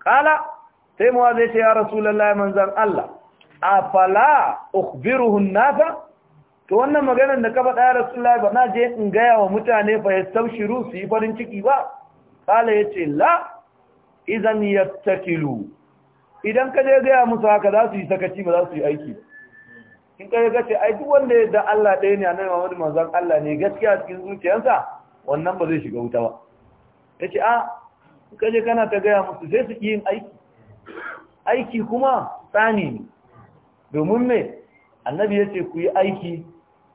kala sai muwaz ya ce ya rasulullahi manzan Allah afala ukhbiruhu an-nasa to wannan maganar da ka faɗa ya rasulullahi ba na je in gaya wa mutane fa yastabshiru su yi farin ciki ba kala yace la idan yattakilu idan ka je gaya musu haka za su yi sakaci ba za su yi aiki in ka ga ce ai duk wanda ya da Allah ɗaya ne a annabi Muhammad manzon Allah ne gaskiya cikin zuciyarsa wannan ba zai shiga wuta ba ya ce a kaje kana ta gaya musu sai su ƙi yin aiki aiki kuma tsani ne domin mai annabi ya ce ku yi aiki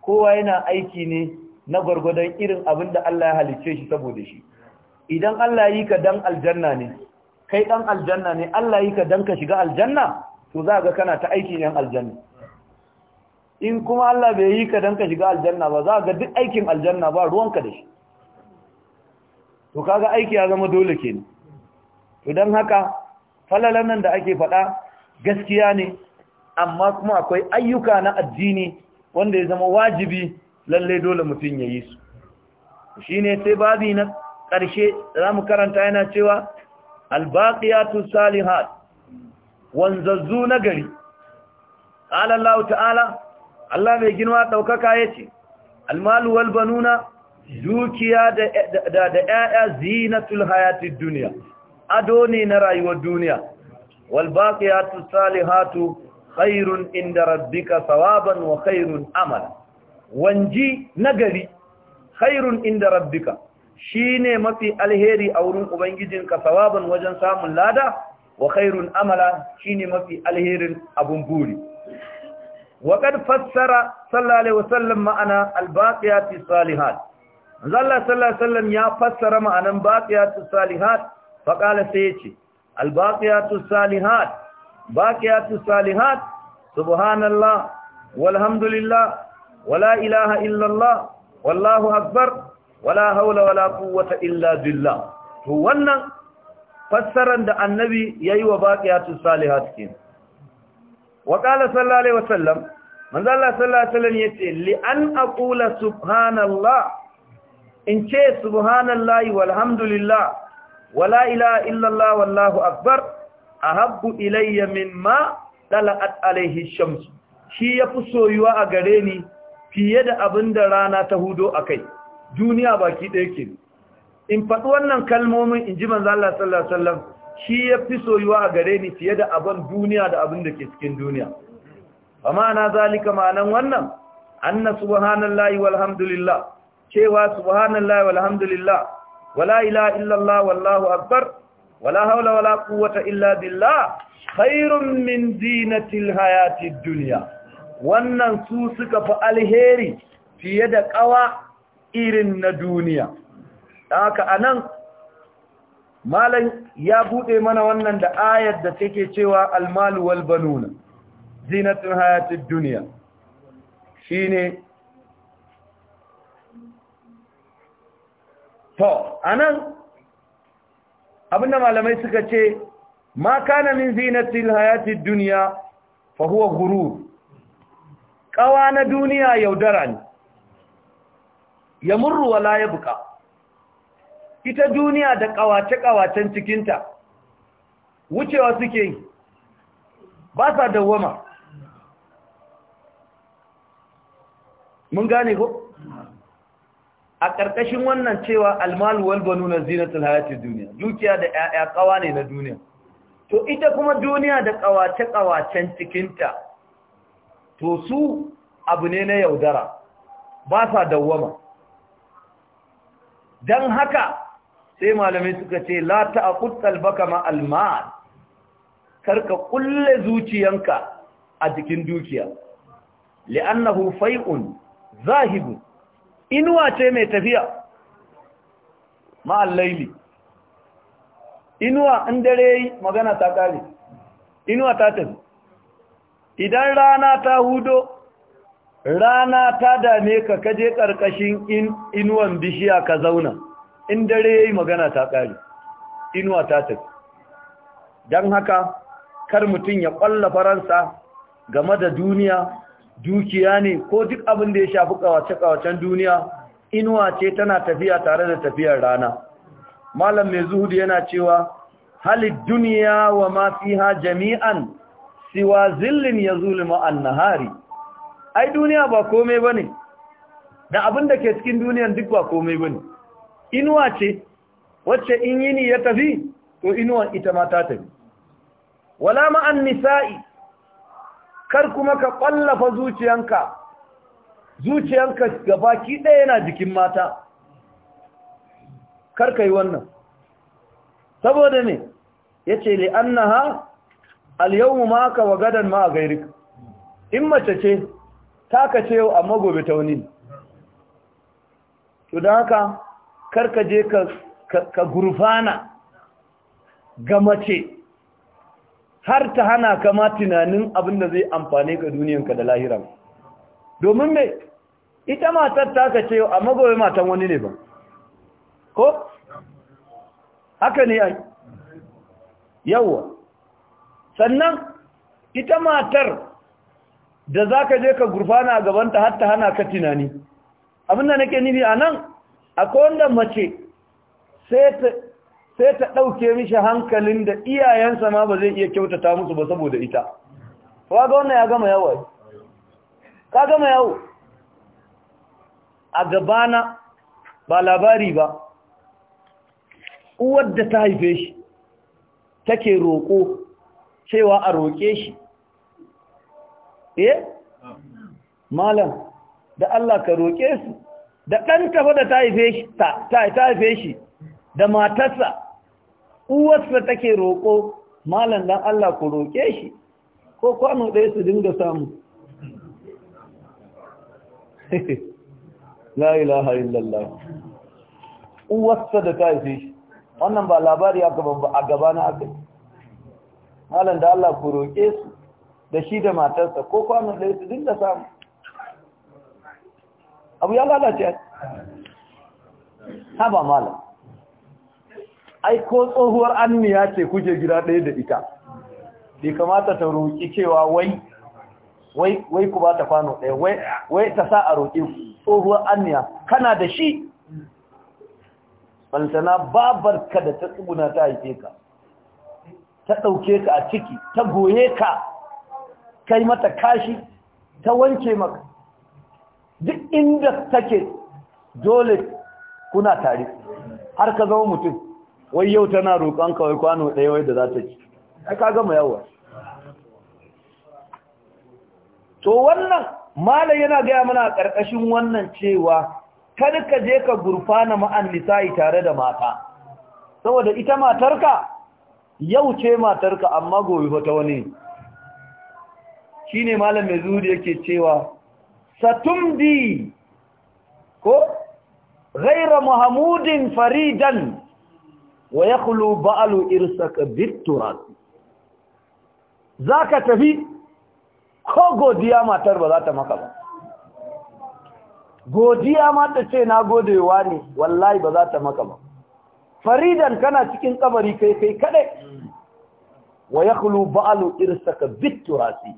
kowa yana aiki ne na gwargwadon irin abin da Allah ya halicce shi saboda shi idan Allah yi ka dan aljanna ne kai dan aljanna ne Allah yi ka dan ka shiga aljanna to za ga kana ta aiki ne aljanna in kuma Allah bai yi ka dan ka shiga aljanna ba za ga duk aikin aljanna ba ruwanka da shi to kaga aiki ya zama dole kenan to dan haka falalan nan da ake faɗa gaskiya ne amma kuma akwai ayyuka na addini wanda ya zama wajibi lalle dole mutum ya yi su shine sai babi na ƙarshe za mu karanta yana cewa albaqiyatu salihat wanzazzu na gari ƙalallahu ta'ala Allah mai girma ɗaukaka yace ce almalu wal banuna dukiya da da ƴaƴa zinatul hayatid dunya ado ne na rayuwar duniya wal baqiyatu salihatu khairun inda rabbika thawaban wa khairun amala wanji nagari khairun inda rabbika shine mafi alheri a wurin ubangijinka thawaban wajen samun lada wa khairun amala shine mafi alherin abun buri wa kad fassara sallallahu alaihi wasallam ma'ana al baqiyatu salihat Allah sallallahu alaihi wasallam ya fassara ma'anan baqiyatus salihat fa qala sai yace al baqiyatus salihat baqiyatus salihat subhanallah walhamdulillah wala ilaha illa Allah wallahu akbar wala haula wala quwwata illa billah to wannan fassaran da annabi yayi wa baqiyatus salihat kin wa qala sallallahu alaihi wasallam manzo Allah sallallahu alaihi wasallam yace li an aqula subhanallah in ce subhanallahi walhamdulillah wala ilaha illallah wallahu akbar ahabbu ilayya ma talaqat alayhi shams shi yafi soyuwa a gare ni fiye da da rana ta hudo kai, duniya baki ɗaya ke in faɗi wannan kalmomin in ji manzo Allah sallallahu alaihi wasallam shi yafi soyuwa a gare ni fiye da abin duniya da abin da ke cikin duniya amma na zalika ma'anan wannan anna subhanallahi walhamdulillah cewa subhanallahi walhamdulillah wala ilaha illallah wallahu akbar wala haula wala quwwata illa billah khairun min zinatil hayatid dunya wannan su suka fi alheri fiye da kawa irin na duniya haka anan malan ya bude mana wannan da ayar da take cewa almalu wal banuna zinatul hayatid dunya shine to anan abinda malamai suka ce ma kana min zinatil hayatid dunya fa huwa ghurur kawa na duniya yaudara ne ya murru wala buka ita duniya da kawace kawacen cikinta wucewa suke yi ba sa dawwama mun gane ko a ƙarƙashin wannan cewa almalu wal banuna zinatul hayati duniya dukiya da ƴaƴa ƙawa ne na duniya to ita kuma duniya da ƙawacen ƙawacen cikinta to su abu ne na yaudara ba sa dawwama dan haka sai malamai suka ce la ta'qut qalbaka ma almal karka kulle zuciyanka a cikin dukiya li'annahu fai'un zahibun inuwa ce mai tafiya ma'al laili inuwa in dare yi magana ta kare inuwa ta tafi idan rana ta hudo rana ta dame ka kaje karkashin inuwan bishiya ka zauna in dare yi magana ta kare inuwa ta tafi don haka kar mutum ya ƙwalla faransa game da duniya dukiya ne ko duk abin da ya shafi kawace-kawacen duniya inuwa ce tana tafiya tare da tafiyar rana malam mai zuhudu yana cewa halid duniya wa mafi ha jami'an siwa zillin ya zulima annahari ai duniya ba komai ne, da abin da ke cikin duniyan duk ba komai ne. inuwa ce wacce in yini ya tafi to inuwan ita ma ta tafi wala ma'an nisa'i kar kuma ka ƙwallafa zuciyanka zuciyanka gabaki ɗaya yana jikin mata kar ka yi wannan saboda ne ya ce ha annaha ma maka wa gadon ma a gairik in mace ce taka ce yau amma gobe ta wani to da haka kar ka je ka gurfana ga mace har ta hana kama tunanin abin da zai amfane ka duniyanka da lahiran domin me ita matar ta ka ce a magoyi matan wani ne ba ko haka ne ai yawwa sannan ita matar da za ka je ka gurfana a gabanta har ta hana ka tunani abin da nake nufi a nan akwai wanda mace sai sai ta ɗauke mishi hankalin da iyayensa ma ba zai iya kyautata musu ba saboda ita Wa ga wannan ya gama yawo ka gama yawo a gabana ba labari ba uwar da ta haife shi take roƙo cewa a roƙe shi eh malam da Allah ka roƙe su da ɗan tafa da ta haife shi da matarsa uwarsa take roƙo malam dan Allah ku roƙe shi ko kwano ɗaya su dinga samu la ilaha illallah uwarsa da ta haife shi wannan ba labari aka ba a gaba na aka malam da Allah ku roƙe su da shi da matarsa ko kwano ɗaya su dinga samu abu ya lalace haba malam ai ko tsohuwar anniya ce kuke gida ɗaya da ita bai kamata ta roƙi cewa wai wai wai ku ba ta kwano ɗaya wai ta sa a roƙi tsohuwar anniya kana da shi babar babarka da ta tsuguna ta haife ka ta ɗauke ka a ciki ta goye ka kai mata kashi ta wanke maka duk inda take dole kuna tare har ka zama mutum wai yau tana roƙon kawai kwano ɗaya wai da za ta ci ai ka gama yawa to wannan malai yana gaya mana ƙarƙashin wannan cewa kar ka je ka gurfana ma'an nisa'i tare da mata saboda ita matarka yau ce matarka amma gobe wata wani shine malam mai yake cewa satumdi ko ghaira muhamudin faridan wa ya kulu ba'alu irsaka bitturat za ka tafi ko godiya matar ba za ta maka ba godiya ma ce na godewa ne wallahi ba za ta maka ba faridan kana cikin kabari kai kai kaɗai wa ya kulu ba'alu irsaka bitturati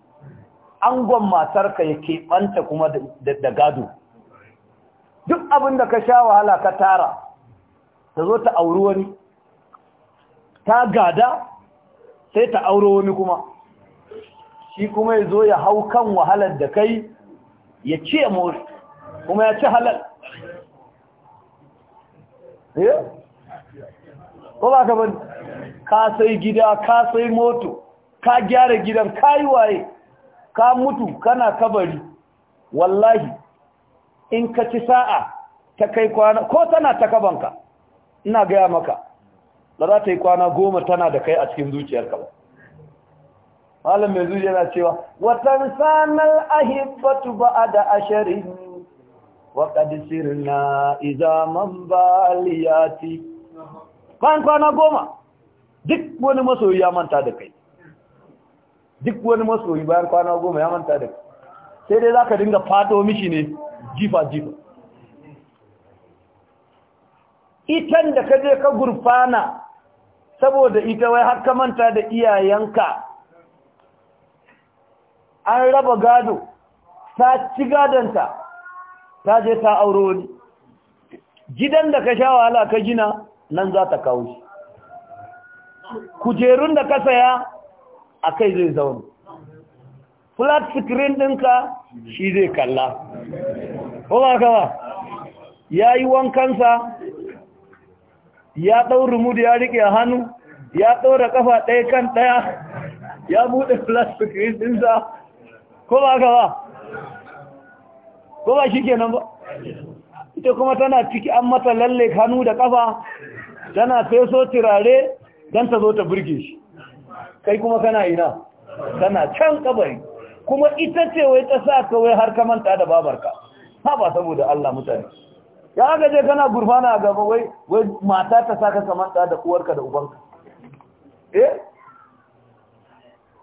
angon matarka ya keɓanta kuma da gado duk abin da ka sha wahala ka tara ta zo ta auri wani ta gada sai ta auro wani kuma shi kuma ya zo ya hau kan wahalar da kai ya ci ya mori kuma ya ci halal eh? ko ba ka bani ka sai gida ka sai moto ka gyara gidan ka yi waye ka mutu kana kabari wallahi in ka ci sa'a ta kai kwana ko tana ta kabanka ina gaya maka ba za ta yi kwana goma tana da kai a cikin zuciyarka ba malam mai zuciya na cewa watan sanar ahibbatu ba'ada asharin wa qad sirna idza man baliyati kan kwana goma duk wani masoyi ya manta da kai duk wani masoyi bayan kwana goma ya manta da kai sai dai za ka dinga fado mishi ne jifa jifa itan da ka je ka gurfana saboda ita wai har ka manta da iyayenka an raba gado ta ci gadonta ta je ta auro ni gidan da ka sha wahala ka gina nan za ta kawo shi kujerun da ka saya a kai zai zauna flat screen ɗinka shi zai kalla ko ba ka ba ya yi wankansa ya ɗau rumudi ya riƙe a hannu ya ɗaura ƙafa ɗaya kan ɗaya ya buɗe plastic ɗinsa ko ba ka ba ko ba shi kenan ba ita kuma tana ciki an mata lalle hannu da ƙafa tana feso turare don ta zo ta burge shi kai kuma kana ina tana can kabari kuma ita ce wai ta sa kawai har ka manta da babarka ha ba saboda Allah mutane ya ga je kana gurfana a gaba wai wai mata ta saka kamanta da uwarka da ubanka eh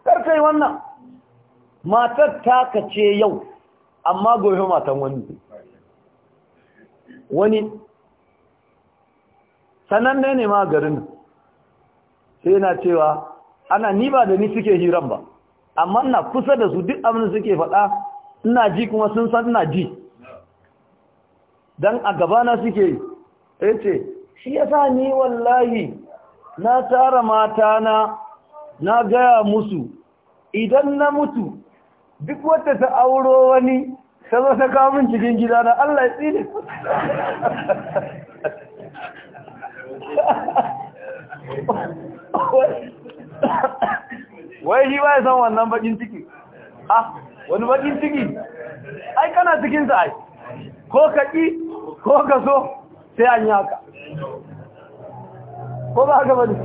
kar wannan matar ta kace yau amma gobe matan wani wani sananne ne ma garin sai na cewa ana ni ba da ni suke hiran ba amma ina kusa da su duk abin suke faɗa ina ji kuma sun san ina ji dan a gabana suke ya ce, shi ya sa ni wallahi na tara mata na na gaya musu idan na mutu duk wata ta auro wani ta zo ta kawo min cikin gida na Allah ya tsire wai shi ba ya san wannan bakin ciki ah wani bakin ciki ai kana cikin sa ai ko kaki ko ka so sai an yi haka ko ba haka bane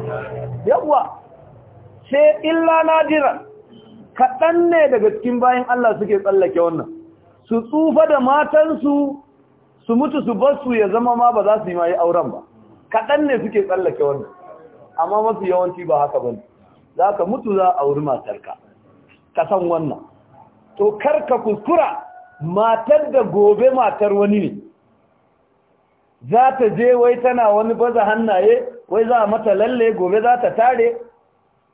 yawwa sai illa nadira kaɗan ne daga cikin bayan Allah suke tsallake wannan su tsufa da matansu su mutu su basu ya zama ma ba za su yi ma yi auren ba kaɗan ne suke tsallake wannan amma masu yawanci ba haka bane za ka mutu za a wuri matarka ka san wannan to karka kuskura matar da gobe matar wani ne za ta je wai tana wani baza hannaye wai za a mata lalle gobe za ta tare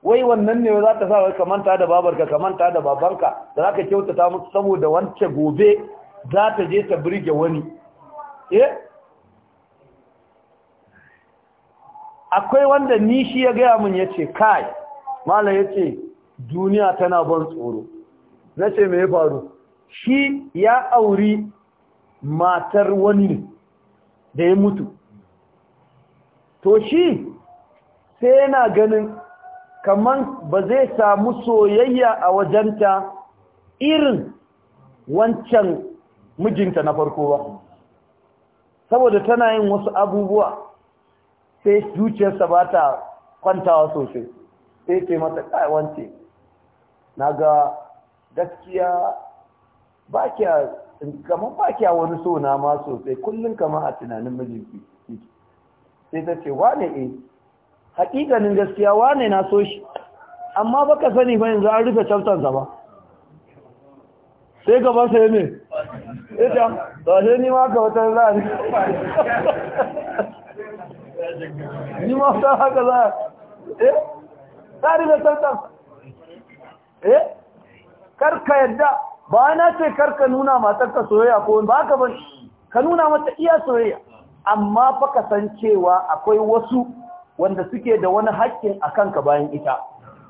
wai wannan ne za ta sa wai kamanta da babarka kamanta da babanka da za ka kyautata musu saboda wance gobe za ta je ta birge wani eh akwai wanda ni shi ya gaya mun ya ce kai malam ya ce duniya tana ban tsoro na ce ya faru shi ya auri matar wani da ya mutu to shi sai yana ganin kamar ba zai samu soyayya a wajenta irin wancan mijinta na farko ba saboda tana yin wasu abubuwa sai zuciyarsa ba ta kwantawa sosai sai ce mata kawance na ga gaskiya ba kya kamar ba kya wani so na ma sosai kullum kamar a tunanin mijinki sai ta ce wane e. hakikanin gaskiya wane na so shi amma baka sani ba yanzu an rufe chaptersa ba sai gaban sai ne ita ba sai ni ma ka wata za ni ni ma ta haka za eh ta rufe chaptersa eh kar ka yadda ba na ce karka nuna matarka soyayya ko ba ka bari ka nuna mata iya soyayya amma fa ka san cewa akwai wasu wanda suke da wani haƙƙin akan ka bayan ita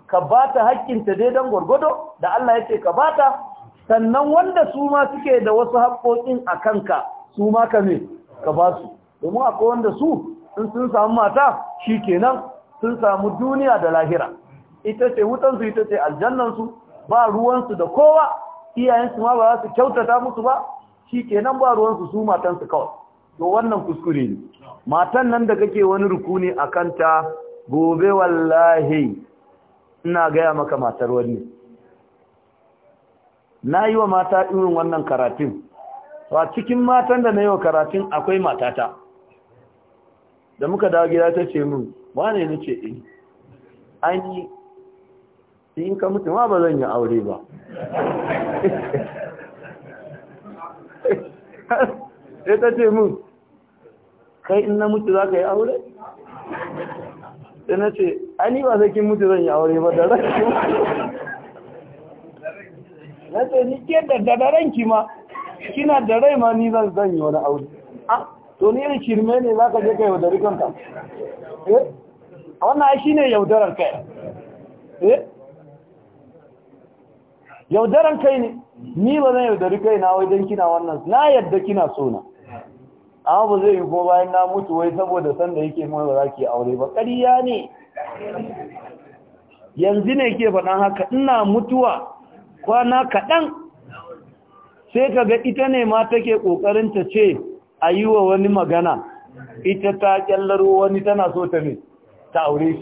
ka ba ta haƙƙin ta dan gwargwado da Allah ya ce ka ba ta sannan wanda su ma suke da wasu haƙƙoƙin akan ka su ma ka ne ka ba su domin akwai wanda su in sun samu mata shi kenan sun samu duniya da lahira ita ce wutansu ita ce aljannansu ba ruwansu da kowa iyayensu ma ba za su kyautata musu ba shi kenan ba ruwansu su matansu kawai to wannan kuskure ne matan nan da kake wani rukuni a kanta gobe wallahi ina gaya maka matar wani na yi wa mata irin wannan karatun a cikin matan da na yi wa karatun akwai matata da muka dawo gida ta ce min wane ne ce ɗin?" Eh. an yi in ka mutu ma ba zan yi aure ba sai ta ce mun kai in na mutu za ka yi aure? sai na ce ani ba zai kin mutu zan yi aure ba da ranki ma na ce ni ke da da ranki ma kina da rai ma ni zan zan yi wani aure a ah, to ni irin shirme ne za ka je ka yaudari kanka eh wannan shi ne yaudarar kai eh yaudaran kai ne ni ba zan yaudari kai na wai don kina wannan na yadda kina so na amma ba zai yi ko bayan na mutu wai saboda sanda yake mai ba za ki aure ba ƙarya ne yanzu ne ke faɗan haka ina mutuwa kwana kaɗan sai ka ga ita ne ma take ƙoƙarin ta ce a yi wa wani magana ita ta ƙyallaro wani tana so ta ne ta aure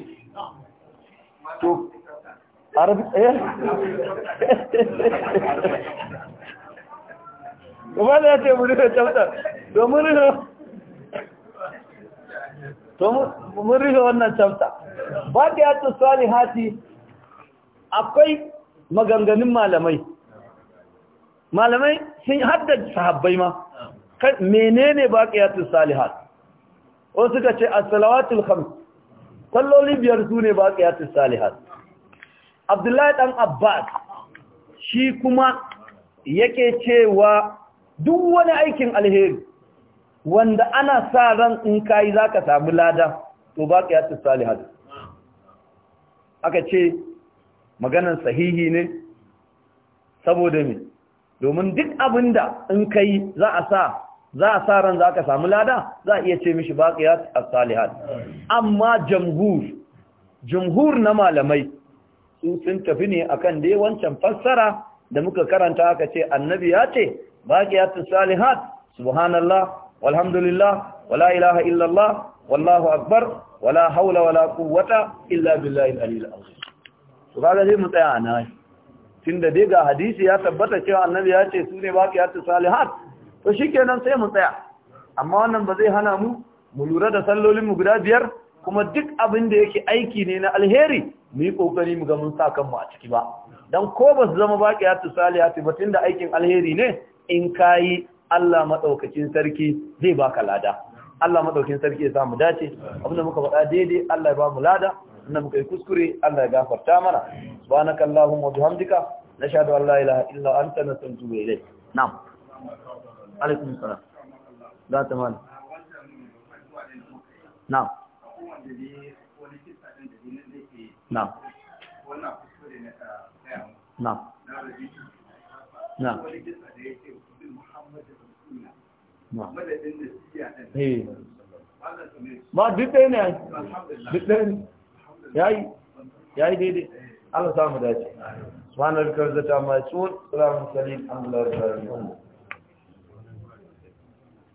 arabic eh kuma da ce mu rufe chapter domin rufe to mun rufe wannan chapter ba da ya tsali hati akwai maganganun malamai malamai sun haddace sahabbai ma menene baqiyatus salihat wasu suka ce Asalawatul salawatul khams salloli biyar su ne baqiyatus salihat abdullahi ɗan abbas shi kuma yake cewa duk wani aikin alheri wanda ana sa ran in kayi ka samu lada to ba ka yasu salihat aka ce maganan sahihi ne saboda me domin duk abinda in kai za a sa za a sa ran za ka samu lada za a iya ce mishi ba ka as-salihat amma jamhur jamhur na malamai su sun tafi ne akan dai wancan fassara da muka karanta aka ce annabi ya ce baqiyatus salihat subhanallah walhamdulillah wala ilaha illallah wallahu akbar wala haula wala quwwata illa billahi al azim kaga dai mu tsaya nan tunda dai ga hadisi ya tabbata cewa annabi ya ce su ne baqiyatus salihat to shikenan sai mu tsaya amma wannan ba zai hana mu mu lura da sallolin mu guda biyar kuma duk abin da yake aiki ne na alheri mu yi kokari mu ga mun sa kanmu a ciki ba dan ko ba su zama ya fi ba tunda aikin alheri ne in yi Allah madaukakin sarki zai baka lada Allah madaukakin sarki ya samu dace abinda muka faɗa daidai Allah ya ba mu lada inda muka yi kuskure Allah ya gafarta mana subhanaka allahumma wa bihamdika nashhadu an la ilaha illa anta nastaghfiruka wa ilayk na'am alaikum salam da ta mana na'am Eh, na na na ba duk ne duk ɗaya ne daidai Allah samu dace subhanallahi karzata mai tsohon tsiramun salim alhamdulillah